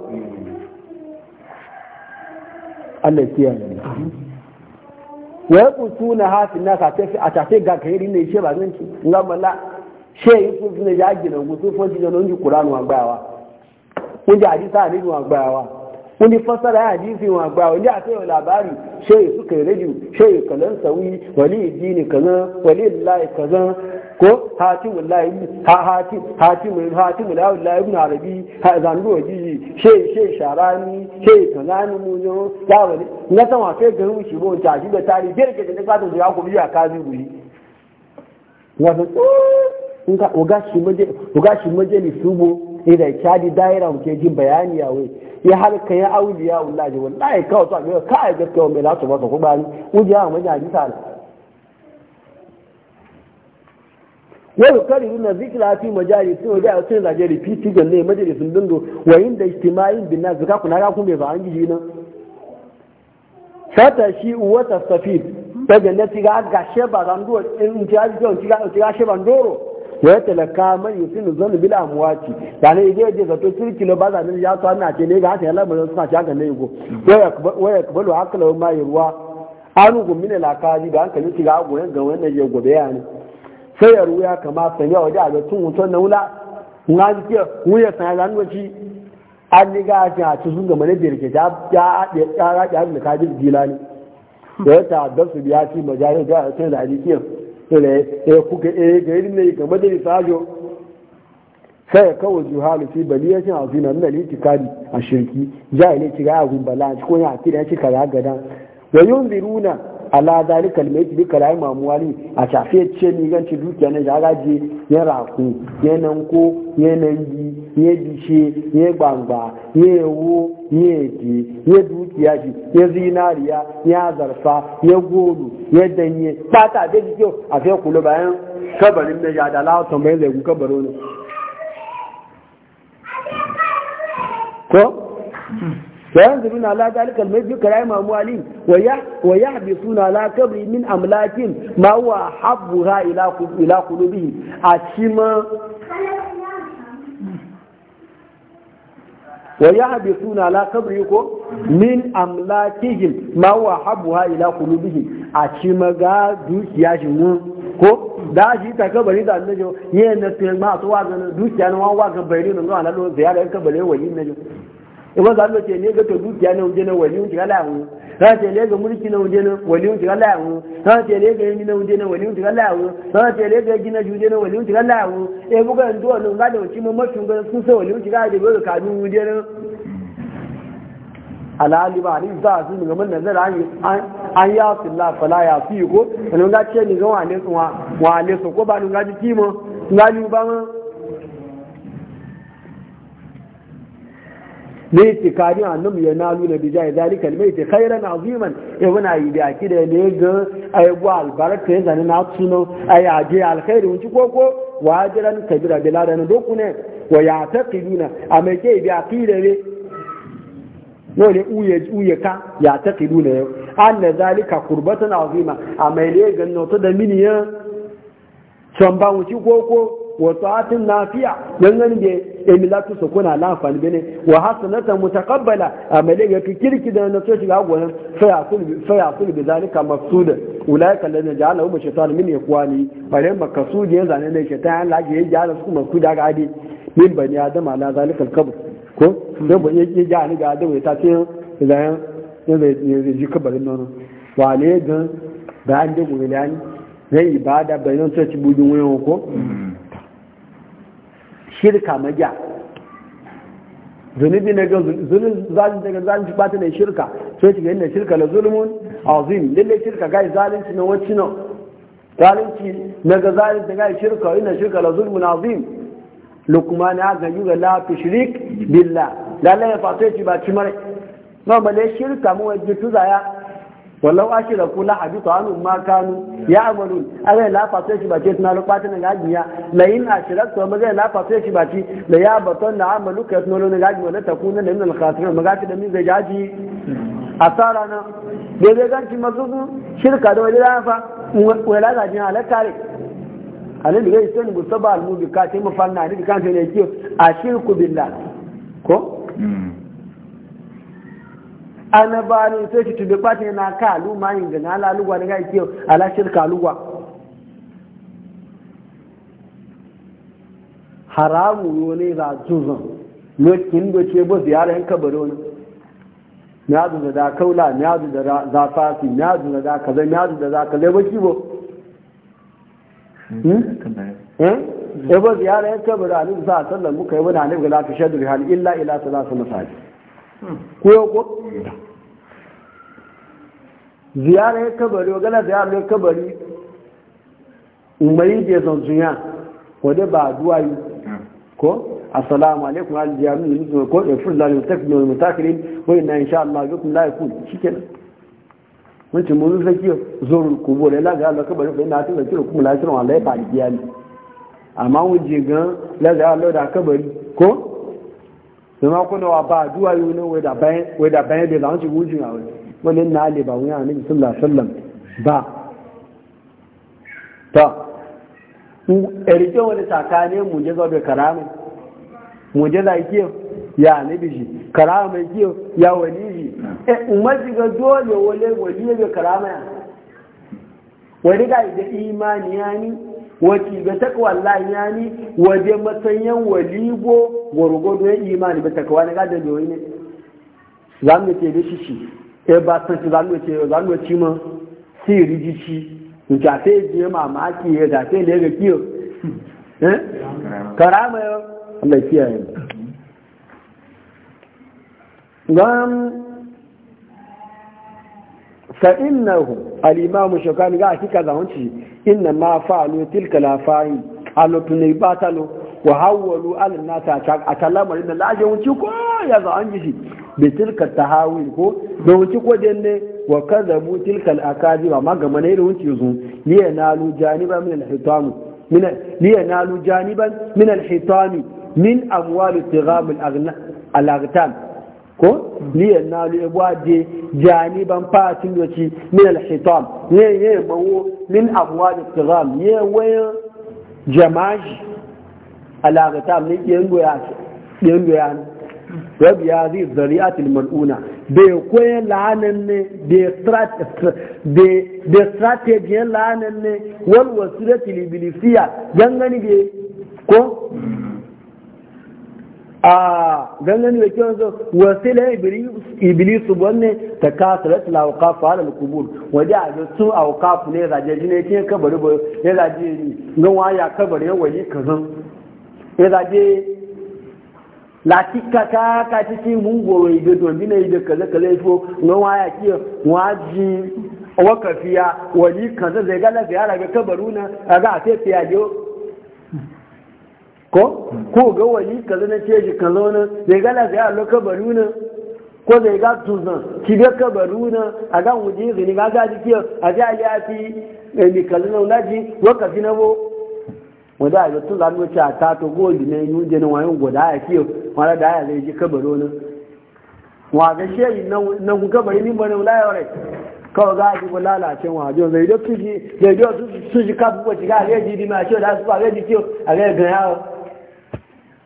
Allah kiyaye wa yaqutuna hafi na ka tafi a tafi ga kairi ne shi ba zan ci? ganci ngamala she yusuf ne ya gina gutu fo ji non ji qur'an wa gbawa kun ji hadisa ne wa gbawa wani fasara hadisi wa ba wani a kai labari shehu suka yi raju shehu kalan sauyi wali dini kaza wali lillahi kaza ko hatimu ha hatim hatimu hatimu lillahi ibn arabi ha zandu wajiji shehu shehu sharani shehu kanani mujo ya wani na san wa sai garin shi bon ta shi da tari jirke da ka da ya ku biya zai guri wato ga shi maje ga shi maje ni subo idan kyadi daira muke jin bayani ya wai ya halka ya auli ya wallahi wallahi kawo to abin ka ai gaskiya mai latu ba ko bani wuje ha mun yaji sare wa yukariru na zikra fi majali to da sun da jeri fiti ne majalisun dindo wa inda ijtima'in bin nas ka kuna ga kun bai ba an giji nan fata shi wata safid daga jannati ga ga sheba ran do in tiga ga tiga sheba ndoro ya talaka man yusin zan bil amwati dane ide je zato kirki lo baza ne ya so na ce ne ga ta lamarin suka ci haka ne yugo waya kubalu akala ma yurwa an gu min lakali da hankali ci ga goyen ga wannan je gobe ya ne sai ya ruya kama sanya waje a ga tun mutun naula na ji wuya sanya zan wuci an ni ga ta ci sun ga mana dirke ta ya ya ya ya da kaji da ta biya ci majalisa sai da ile ya kuka eh ga da ne ga majalisa ajo sai ya kawo juhalu fi baliyacin a zina nuna litikari a shirki jahili ci ga agun bala ci ko ya kira ya ci kaza gada wa yun ziruna ala zalika almayti bi kalai mamuwali a shafe ce ni ganci dukiya na jagaje ya raku ya nanko ya nangi ya dishe ya gbangba ya yawo ya eji ya dukiya shi ya zinariya ya zarfa ya golu yadda yi ba ta abin da kyau a fiye kula bayan kabarin mai ya da a bayan zai kabaro ne ko? yanzu yawon zuru na lagar kalmai fi karai mamu ali wa ya bi suna lagabri min amlakin ma wa habura ilakulu bi a ci ma. cima waya abisu ala lakabri ko min amlakihim ma wa ha ila kulubihim a ci maga dukiya shi mu ko da shi ta kabari da annajo ye na sai ma to wa na dukiya na wa ga bayri na zuwa na lo ziyara ka bare wali na jo e ba zalo ce ne ga to dukiya na uje na wali un ga lawo ta ce ne ga mulki na uje na wali un ga lawo ta ce ne ga yini na uje na wali un ga lawo ta ce ne ga gina juje na wali un ga lawo e buga ndo no ga da ci mu mashun ga sun sai wali un ga da ga kanu uje na alaliba ni za su ga mun nazar an an ya su la fala ya fi ko an ga ce ni ga wale su wale su ko ba ni ga ji kimo ni ba ma ne ti an annum ya nalu na ya zalika almayti khairan aziman ibn e, ayyidi akida ne ga ayyuwa albarka ya zani na tuno ayi aje alkhairi wuci koko wajiran kabira biladan dokune wa ya'taqiduna amake bi aqida ne wani uye ka ya ta kidu na yau an na zalika kurbatan azima a mai ne ganin nota da miniyan can ba wuci koko wasu atin nafiya don gani da emilatu su kuna lafani bene wa hasanatan mutakabbala a mai ne ga kirki da na soci ga gwanin faya sulhu bi zalika mafsuda ulai kallon da jala umar shaitan min ya kuwa ni bare makasudiyar zane na shaitan ya lage ya jala su kuma su daga adi min bani adam ala zalikal kabur ko don ba iya ja ni ga adawa ta ce zayen yanzu ji kabarin nono wale gan da an je gobe da zai ibada bayan sai ci bugin wayan ko shirka maja zunubi na gan zunubi zalunci daga zalunci ba ta ne shirka sai ci ga na shirka na zulmun azim lalle shirka gai zalunci na wacce na zalunci na ga zalunci gai shirka inda shirka la zulmun azim lukman ya ga yuga la tushrik billah lalle ya fato ya ci ba ci mare no ba shirka mu waje tuza ya wallau ashira kula habita anu ma kanu ya amalu ala la fato ya ci ba ci na lokata na gajiya la in ashrakta ma zai la fato ya ci ba ci la ya baton na amalu ka tuno na gaji wala takuna min al khatirin magaci da min zai jaji asara na dai zai ganci mazubu shirka da wani lafa wala gajin kare. annabi zai sani ba al-mubi ka ce mu fanna annabi kan sai ne a shirku billah ko hmm. ana ba ni sai ki tube ba na ka lu ma yin gana la lugwa ne ga a ala shirka lugwa haramu yo ne za ne kin do ce bo ziyara in kabaro ne na da da kaula na da da zafafi na da da kaza na da da kaza ba bo ya eh? eh, ba ziyara ya kabar da alif sa sallan muka yi wani alif ga lafi shadur hali illa ila salatu masaji ko ko ziyara ya kabari wagana ziyara ya kabari umari da zan sunya wadda ba duwa yi ko assalamu alaikum al-jami'in ko ifur lalin takbir mutakirin wa inna insha kuma bikum la yakun shikenan mun ci mun zaki zorul kubur la ga Allah fa ina tun da kiro kuma Allah ya biya ni amma mun je gan la ga Allah da kabari ko kuma kuna wa ba duwa yi ne wai da bayan wai da bayan da zan ci gujin a wai wannan na ba wani annabi sallallahu alaihi wasallam ba ta erike wani tsakanin mujiza da karamin ya annabi shi karama mai kiyo ya waliri eh umarci ga dole wale wani bai karama ya wani ga da imani ya ni wace ga takwa Allah ya ni waje matsayin waligo gwargwado ya imani ba takwa na gada da wani za mu ce da shi shi eh ba san shi za mu ce za mu ci ma Si riji shi mu ta sai je mamaki ya da sai da ga kiyo eh karama Allah kiyaye gam fa innahu al-imam shukani ga kika zaunci inna ma fa'alu tilka la fa'i alutun batalu wa hawwalu al-nasa akalama inna la jawunci ko ya zan gishi bi tilka tahawil ko da wuci ko denne wa kadhabu tilka al-akadiba magama ne da wuci yuzu liya nalu janiba min al-hitam min janiban min al-hitam min amwal tigam al-aghna al-aghtam ko liyan na lu ebu aje janiban fatin yoci min alhitam ne ye mawo min abwad al-kiram ye wayan jama'i alagata ne ke ngo ya ce ngo ya rabi ya zai zari'atul mal'una da ya koya la'anan ne da strategiyar la'anan ne wal wasilati da tilibilifiya gangani da ko a ganin da ke wanzu wasila iblis wanne ta kasarar tilawaka fara da kubur wajen a ga a awakafu ne zaje ne ke kabari ba ya zaje ne wa ya kabari ya wali kazan ya zaje latika ka ka cikin mungo wai ga domin ne da kaza kaza fo wa ya ki waji wakafiya wali kazan zai ga ziyara ga kabaruna a ga a tafiya fiya ko ko ga wali kaza na ce shi kaza wani zai ga zai alo kabaru na ko zai ga tuzan ki ga kabaru na a ga wuje zini ga ga jiki a ji a yafi eh, mai kaza na ji wulaji fi na bo wanda a yi tuzan zanuwa ce a tato goli na yi wuje na wayan guda a kiyo wani da ya zai ji kabaru na wa ga shi yi na ku kabari ni bane wula yawai kawai za a ji lalace wa jo zai da su zai kafin tuji kafu ko shiga a ga ji di ma ce da su ba ga jiki a ga ga yawo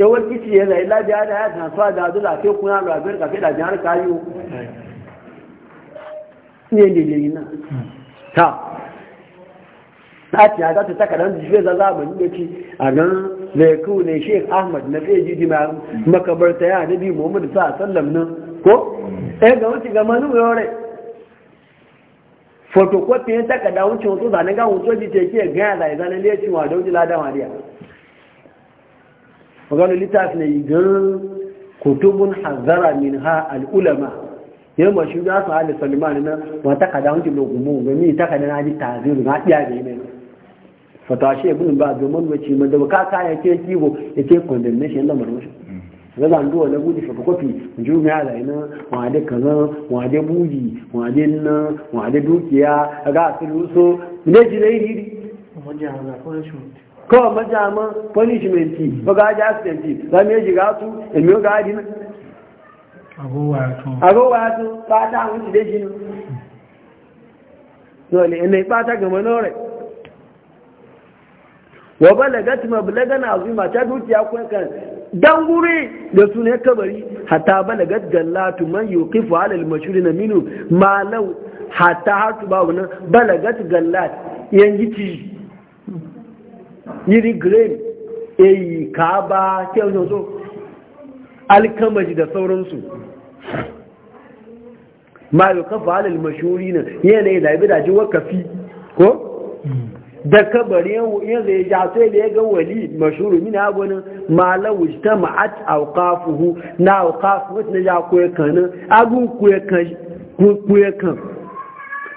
yawon kici yana yi labiya da ya tansuwa da zu ke kuna lafiyar kafe da jihar kayo ne ne ne na ta ta ci ta ta takarar jife za ba da ci a gan laiku ne shek ahmad na fiye jiji makabarta ya nabi muhammadu sa sallam nan ko ɗaya eh, ga wuce ga manu yore photocopy ya takada wuce wato zanen ga wuce jike ke gaya zai zanen liyacin wa da wuce ladan magana littafi ne idan kutubun hazara min ha al'ulama yin ma shi za su hali salman na ma ta kada wajen da gumo gami ta kada na ji tazir na ɗiya da yi mai fatashe ya gudun ba a domin wace mai daga ka ya ke kiwo ya ke condemnation na marmashin gaza ndo wala budi fa kofi nju mi zai na wade kaza wade buji wade na wade dukiya a ga asiru so ne ji na ko shi kawai majama punishmenti ba ga ajiye accidenti za mu yi shiga su da mu adi na agowa ya tun fata wuce da shi ne dole ina yi fata gama manore wa balagat mablagan azima ta dukiya kun kan dan gure da su ne kabari hatta balagat gallatu man yuqifu halal mashuri na minu malau hata hatu ba wannan yan yi yangici yiri grain eyi ka ba, kyau so alkamaji da sauransu ma yi kafa halal mashuri nan yanayi da ibi da ji wakafi ko da kabari yanzu ya ja sai da ya ga wali mashuru min abunin malawu ta ma'at auqafuhu na auqafu wata na ja kuwa kanin agun kuwa kan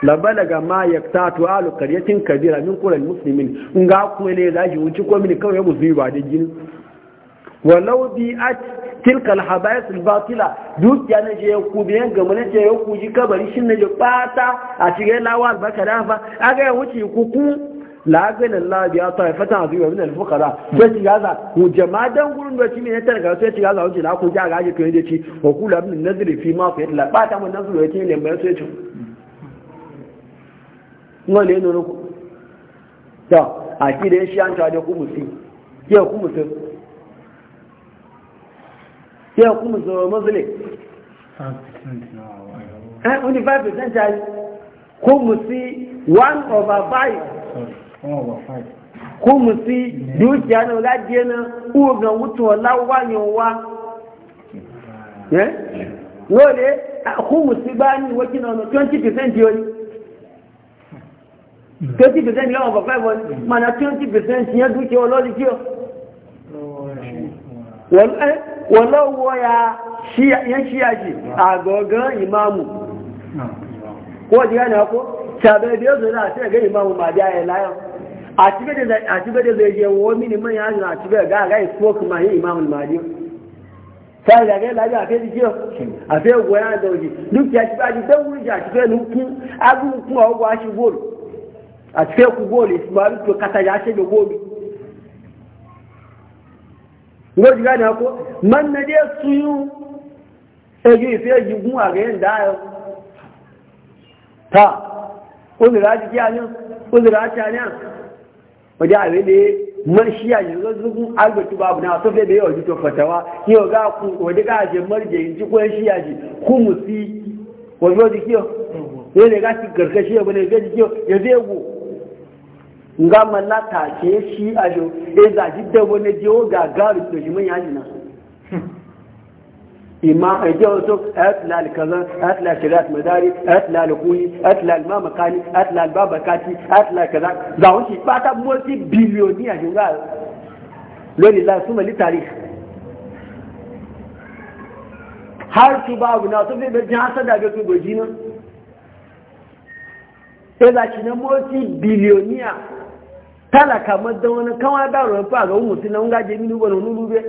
la balaga ma yaktatu alu qaryatin kabira min qulal muslimin nga kuma ne laji wuce ko min kawai musulmi ba da jini walau bi a tilkal alhabayat albatila duk ya ne je ku biyan ga mun je ya ku ji kabari shin je bata a cikin lawa albakara fa aga wuce ku ku la gana Allah biya ta fata zuwa min alfuqara sai ci gaza ku jama'an gurin da shine ya targa sai ci gaza wuce la ku ji ga ji kai da ci wa kula bin nazri fi ma fa la bata mun nazri ya ce ne mai sai ci wọ́n lè nínú kù tọ́ àti ilé ṣe àǹtọ́ adé kú mùsí kí ẹkú mùsí kí ẹkú mùsí mọ́sílẹ̀ ẹ́ ó ní 5% ayé kú mùsí 1 over 5 kú mùsí dúkìá náà lájẹ́ náà ọgbọ̀n wútùn ọ̀lá wà ní ọwá wọ́n lè kú mùsí bá ní ìwọ́kí náà 20% yóò thirty percent lọ́wọ́ for five hundred mana twenty percent yẹn dúkìá ọlọ́ọ̀lì kí ọ. wọ́n lọ́wọ́ ya yẹn ṣí àjì àgọ̀ọ̀gán ìmáàmù wọ́n ti rẹ́nà ọkọ́ tàbí bí ó zọ́lá àti ẹ̀gẹ́ ìmáàmù màdí ayẹ láyọ̀ àti bẹ́ẹ̀ lè yẹ wọ́n mí ni mọ́ ìyá àjùn ma bẹ́ẹ̀ gáàgá ìfọ́ọ̀kì máa yẹ ìmáàmù màdí sáàrì àgẹ́ lájọ́ àfẹ́sí jẹ́ àfẹ́ ògùn ẹ̀yà àjọ òjì dúkìá ti bá ti tẹ́wùrì jà àti fẹ́ lù kún agùnkún ọgbọ̀ aṣíwòrò àti fẹ́ kú góòlù ìsìnbáwí tó kátàjà ṣẹ́jọ góòlù lójú gánà kó mọ́nàdé súyú ẹjú ìfẹ́ jùgún ààrẹ ń dáyọ ta olùrájí kí a ní olùrájí a ní à ọjá ààrẹ lè mọ́ sí àyẹ̀wò lọ́dún agbẹ̀tù bàbù náà tó fẹ́ bẹ́ẹ̀ ọdún tó fọ̀tẹ̀wá ní ọ̀gá kú ọ̀dẹ́gá àjẹ mọ́rìjẹ̀ tí kò ń sí àjẹ kú mù sí ọdún ọdún kí ọ ní ọ̀dẹ́gá ti gẹ̀rẹ̀kẹ́ sí ọ̀gbọ́n ẹgbẹ́ ti kí ọ ẹgbẹ́ wò nga malata ke shi a yau e za ji da wani jiwo ga garu da shi mun yaji nan imma a ji wato atla alkazan atla shirat madari atla alkuli atla almamakani atla albabakati atla kaza za wani shi fata motsi biliyoni a yau lori la su mali tarih har su babu na su bai jin hasada ga su goji nan e za shi na motsi biliyoniya talaka madan wani kawa da rufa ga mutum nan gaje mini wani lulube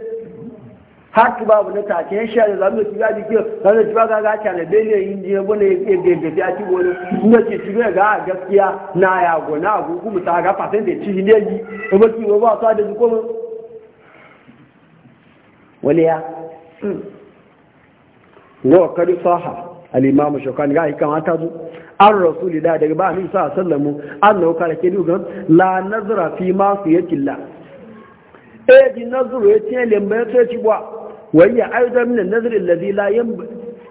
haka babu na tace ya share zamu ci gaji ke zamu ci ga ga ta ne bele yin je bone ya gege ta ci bone ina ce ci ga gaskiya na ya gona go kuma ta ga fatan da ci ne yi ko ba ki ba ta da ko mu waliya hmm. wa kadi saha al-imam shukani ga ikan ta an rasulillah daga ba min sa sallamu an na wuka da ke dugan la nazara fi ma su ya killa e eh, ji nazaru ya ce lemba ya ce wa wayya aida min nazari allazi la yan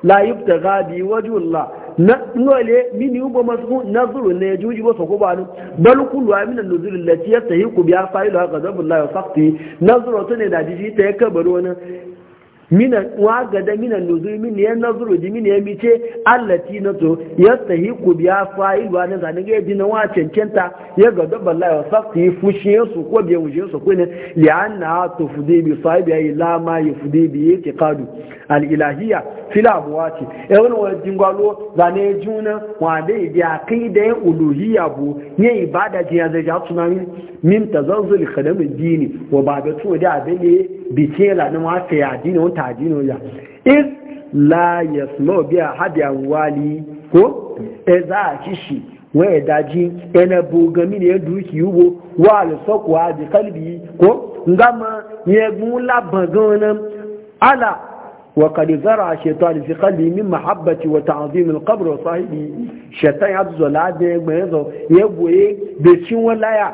la yubtaga bi wajhullah na nole min yugo masu nazaru ne juji ba so ko ba ni bal kullu min an ta yi yastahiqu bi fa'ilu ghadabullahi wa saqti nazaru to ne da jiji ta ya kabaro nan mina waga da mina nuzuri min ya nazuru ji min ya mice allati na to ya ku biya fa'il wa na zanin ga ji wa cancanta ya ga da wallahi wa safi su ko biya wuje su ne li anna tufdi bi sahibi ya la ma yufdi bi itiqadu al ilahiyya fil abwati e wani wa jingwalo zane juna wa dai bi aqida uluhiyya bu ne ibada ji ya zai ja tunani min tazazzul khadam dini wa ba da to da abele bice la na ma ya dino ta dino ya is la yasmo bi ahadi wali ko e za kishi wa ya daji ena bogami ne duki yubo wa alsaku hadi kalbi ko ngama ye gun laban gan ala وقد زرع الشيطان في قلبي من محبة وتعظيم القبر وصاحبه الشيطان يعبد الزلاد يغمزه يبوي بشين ولا يا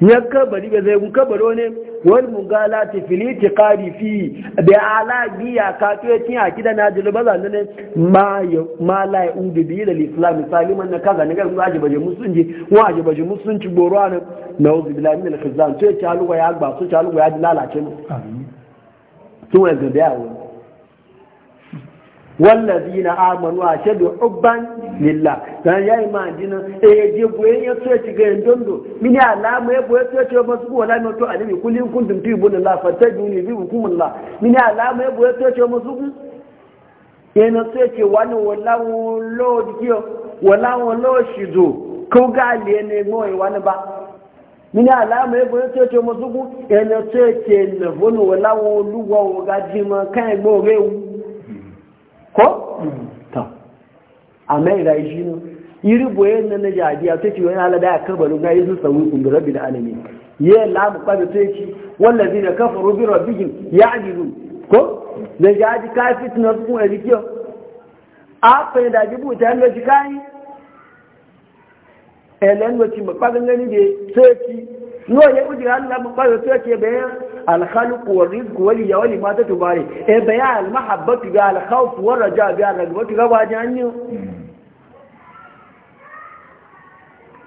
يا كبري بزي كبرونه wal mugalati fil itiqadi fi bi ala biya ka to yatin kida na jilba zan ne ma ma la da bi da islam saliman na kaza ne ga mu aje baje musunji wa aje baje musunci boro an na billahi min al khizan to ya haluwa ya gba so ya haluwa ya lalace mu amin to ya wani wallazi na amanu a shaɗu ubban lilla dan ya yi ma'ajina e eh, ya je boye ya so ya ci ga dondo mini alama ya boye so ci ce masu kuwa lamar to alibi kullum kun tumtu ibu na lafarta duni bi hukumun la mini alama ya buye so ci ce masu kun yana so wani wallawon lo dikiyo wallawon lo ko ga liye ne mawai wani ba mini alama ya buye so ci ce masu kun yana so ya ce na wani wallawon luwa wa ya gbo rewu ko ta mai da shi ne iri boye nan na jadi a ce wani alada ya karba na yi sun sauyi kun bi rabbi da alami ya lamu kwabi ta ce wallazi da kafa rubi rabbihim ya ajizu ko na jadi kafin na su kuma rikiyo a fayin da jibu ta hanyar shi kayi elen wacce makwarin gani da sai ci nuwa ya uji hannu na makwarin sai ce bayan alhaluku wa rizku wali ya wali mata tu bare e baya al mahabbatu ga al khawf wa raja ga al rajwa ga ba janyo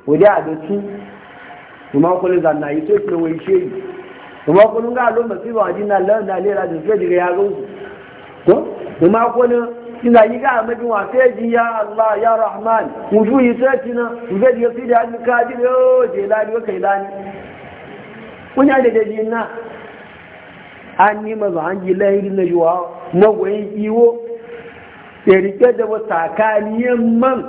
wuya da ci kuma ko ne zanna yi to ki wai ke yi kuma ko nga lo ma fi wa na le ra de ke diga ya go to kuma ko ne ina yi ga amadu wa feji ya allah ya rahman mu ju yi ta tina mu ga yi fi da an ka di yo je la kai la ni kunya de de an yi mazu hangi lahiri na yiwa magwayin iwo ya rike da wasu tsakaniyar man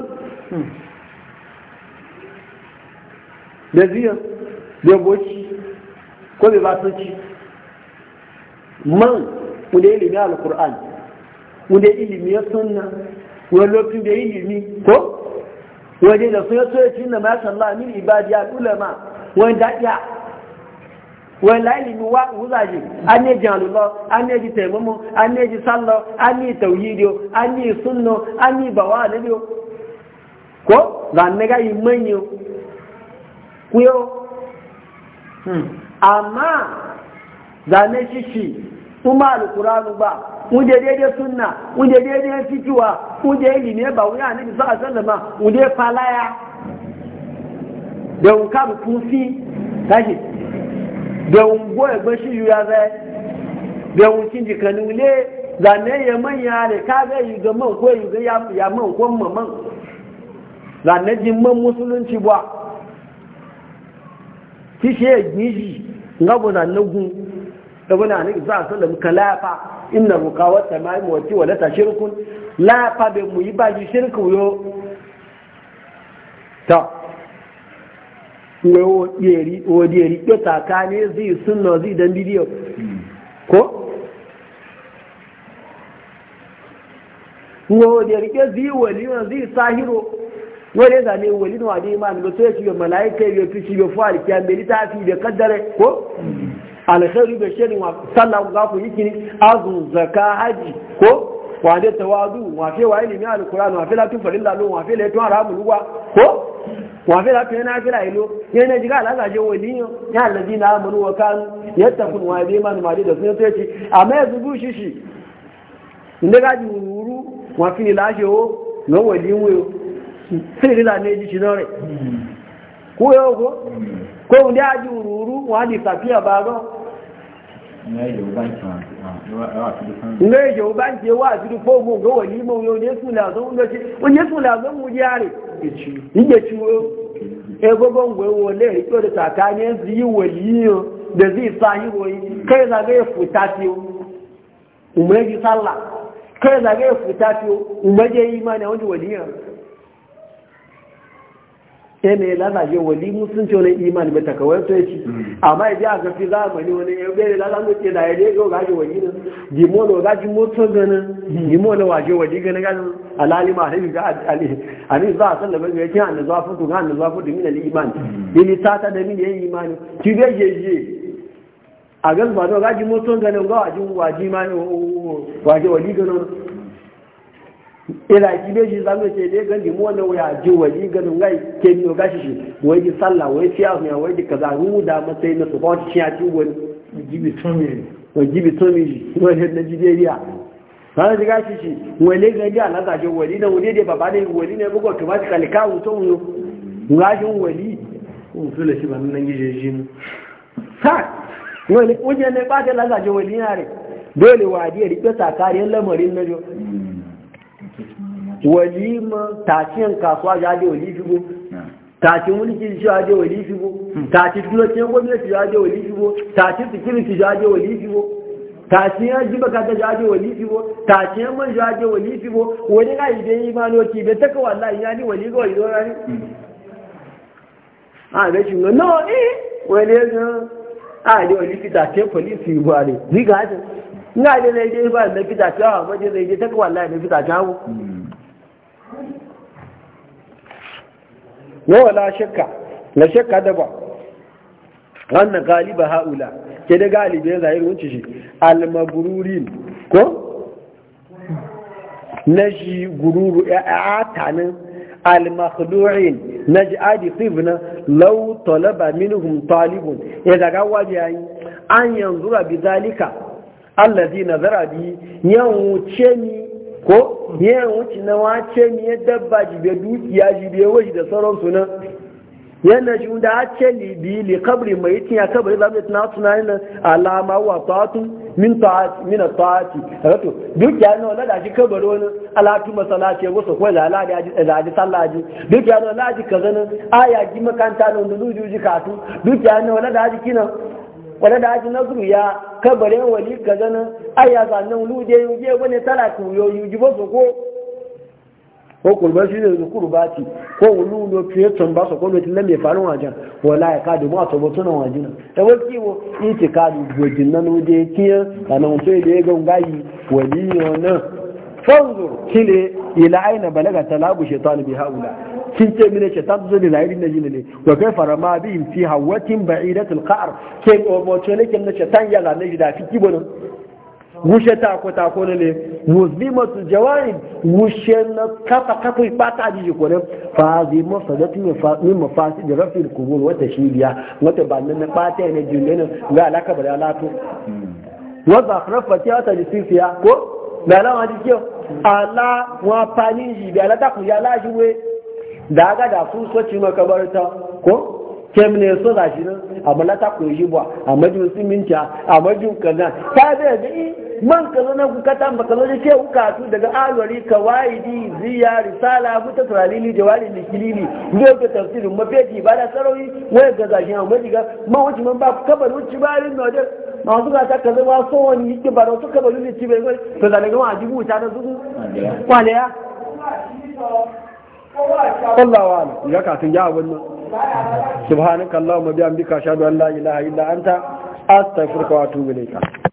da ziyan da goci ko bai ba ci man wanda ilimi al-qur'an wanda ilimi ya sunna wani lokacin da ilimi ko waje da sun yaso ya cinna masha Allah min ibadi ya ulama wanda ya? wẹ̀láìlì ni wá wúzàyè a ní èjì àlùlọ a ní èjì tẹ̀mọ́mọ́ a ní èjì sálọ a ní ìtẹ̀wìyídìó a ní ìsúnnà a ní ìbàwà àlébíó kó lànẹ́gá yìí mẹ́yìn o kú yóò àmà zànẹ́ ṣíṣì fún máa lùkúrá gbà wúnjẹ súnnà wúnjẹ déédéé fíjúwa wúnjẹ ìlì ní ẹ̀bà wúnyà níbi sọ́ọ̀ àṣẹ́lẹ̀mà wúnjẹ faláyà dẹ̀wùn káàbù fún fí láyè da ungo ya yu ya zai da wucin jikanu ne zane ya manya da ka ga yi ga man ko yi ga ya man ko man zane jin man musulunci ba kishi e ya gishi ngabu na nugun e da wani anabi za a sallam kalafa inna rukawar tamai mawaki wa lata shirkun lafa bai mu yi ba shi shirku yo ta ne wadiyari ɗe takane zai suna zai dan bidiyo ko? wadiyari ɗe zai waliyon zai sahiro wani zane walin wade ma ne so ya ci ga mala'ika ya fi ci ga fuwa alkiya mai littafi da kaddare ko? alkhairu da shirin wa sallah za ku yi kini azun zaka haji ko? wàdé tẹwàádù wọ́n fẹ́ wà ilẹ̀ ní alùkùránù wọ́n fẹ́ látún fẹ̀rílà ló wọ́n fẹ́ lẹ́tún àràbù lúwà kó na fẹ́ látún ẹ̀nà na ìlú yẹn jìgá alágbàjẹ́ wọ ìlú yẹn alẹ́jì náà na wọ kánú yẹn tẹkùn wọn ẹ̀dẹ́ mánu màdé dọ̀tún tó ẹ̀kí àmọ́ ẹ̀sùn ní
nga yake e ubanci
wa asiru ko mu ga wani mu yau ne suna zo nga ce un ne suna zo mu yare yake ciwo e gogon gwe wole rito e da tsakanin su yi waliyo da zai sa yi kai zaga ya futa fiyo umar yi sallah kai zaga ya futa fiyo umar yi imani a wani waliyan ya ne lalace wali musulunci wani imani bai takawar to ya ci mm. amma ya ji a gafi zamani wani ya bai lalace ce da ya ne ga gaji wali nan gimo da gaji moto ganin gimo da waje wali ganin ganin alalima da ga ali ani za a san da bai yake an zuwa fudu ga an zuwa fudu min al-iman ili ta ta da min yayi imani ki ga jeje a gan ba da gaji moto ganin ga waje waje ma waje wali ganin iraki be shi zamu ce dai gandi mu wannan waya ji waji ganin ngai ke ni ga shi wai ji sallah wai siya ne wai ji kaza mu da matsayi na su kwanci shi a ci wani gibi tomi wai gibi tomi shi wai na Nigeria har ji gashi shi wai le gandi Allah ta je wali da wali dai baba ne wali ne bugo to ba ta kalka mu to mu gashi wali mu fule shi ban nan gije shi mu. ha Wani ne ne ba ta Allah ta je wali ne dole wadi ya rike sakariyar lamarin na jo walima tashin kasuwa ya je wali shigo tashin mulki ya je wali shigo hmm. tashin kulocin gwamnati ya je wali shigo tashin security ya je wali shigo tashin ji baka ya jaje wali fibo tashin man jaje wali fibo wani ga ide imanoki be taka wallahi ya ni wali ga ido rani a be shi no eh wani ga a ah, ni wali fi da te police yi bare ni ga ta ina da ne dai ba na fi da ta ah, ba je zai je taka wallahi na fi da ta yawa la shakka la shakka da ba wannan galiba haula ke da galibi ya zahiri wuce shi almagrurin ko na shi gururu atanin almakhlu'in na ji adi sivna lau talaba minhum talibun ya zaga waje yayi an yanzu rabi zalika allazi nazara bi yan wuce ni ko yan wuce na wace miya ya dabba jibe dukiya jibe waje da sauran suna. yana shi da a ce libi li kabri mai yi tiya kabri za mu tuna tuna yana alama wa ta'atu min ta'ati min ta'ati rato dukiya no lada shi kabari wani alatu masalaci ya wasu kwai da aji lalari eh, sallaji dukiya no lada kaza nan aya ji makanta no da zujuji katu dukiya no da aji kina wani da haji nasu ya kabarin wali kaza nan ai ya zannan lude yuje wani tana tuyo yuji ba ko ko kurban shi ne zukuru ci ko wani lo fiye tun ba su ko lo tilan mai farin wajen wala ya kadu ma to mutu nan wajen ta wasu wo in ti kadu gojin nan wajen kiya da nan wato da ya gangayi wali yau nan fanzur kile ila aina balaga talabu shaitan bi haula kin ce mine ce ta zo da lahiri na jini ne wa kai fara ma bi fi hawatin ba'idatul qa'ar ke moto ne kin ce tan yala ne da fi kibon gushe ta ko ta ko ne muslimatul jawarin gushe na kafa kafa ta ji ko ne fa zi mafadatu min mafasid da rafi wa tashbiya wata wata bannan na bata ne jinne ga alaka bada lato wa zakhrafati ta jisiya ko da lawa ji ala wa fani ji da ala ku ya la ji da ga da su soci makabarta ko kem ne so da shi nan amma la ta koyi ba amma sun minta amma ju kaza ta da ga eh, man kaza na ku kata ba kaza ke ku su, daga alwari kawaidi ziya risala mutasalili jawali likilili ne ga tafsirin mafeji ba da sarawi wai ga zashi amma diga man wuce man ba kabar wuce ba rin ma da masu ta kaza ba so wani yake ba da su kabar wuce ba ko da ga wajibu ta na zugu kwaliya sallallahu alaihi ga kafin ya abun nan subhanakallahumma bihamdika ashhadu an la ilaha illa anta astaghfiruka wa atubu ilayka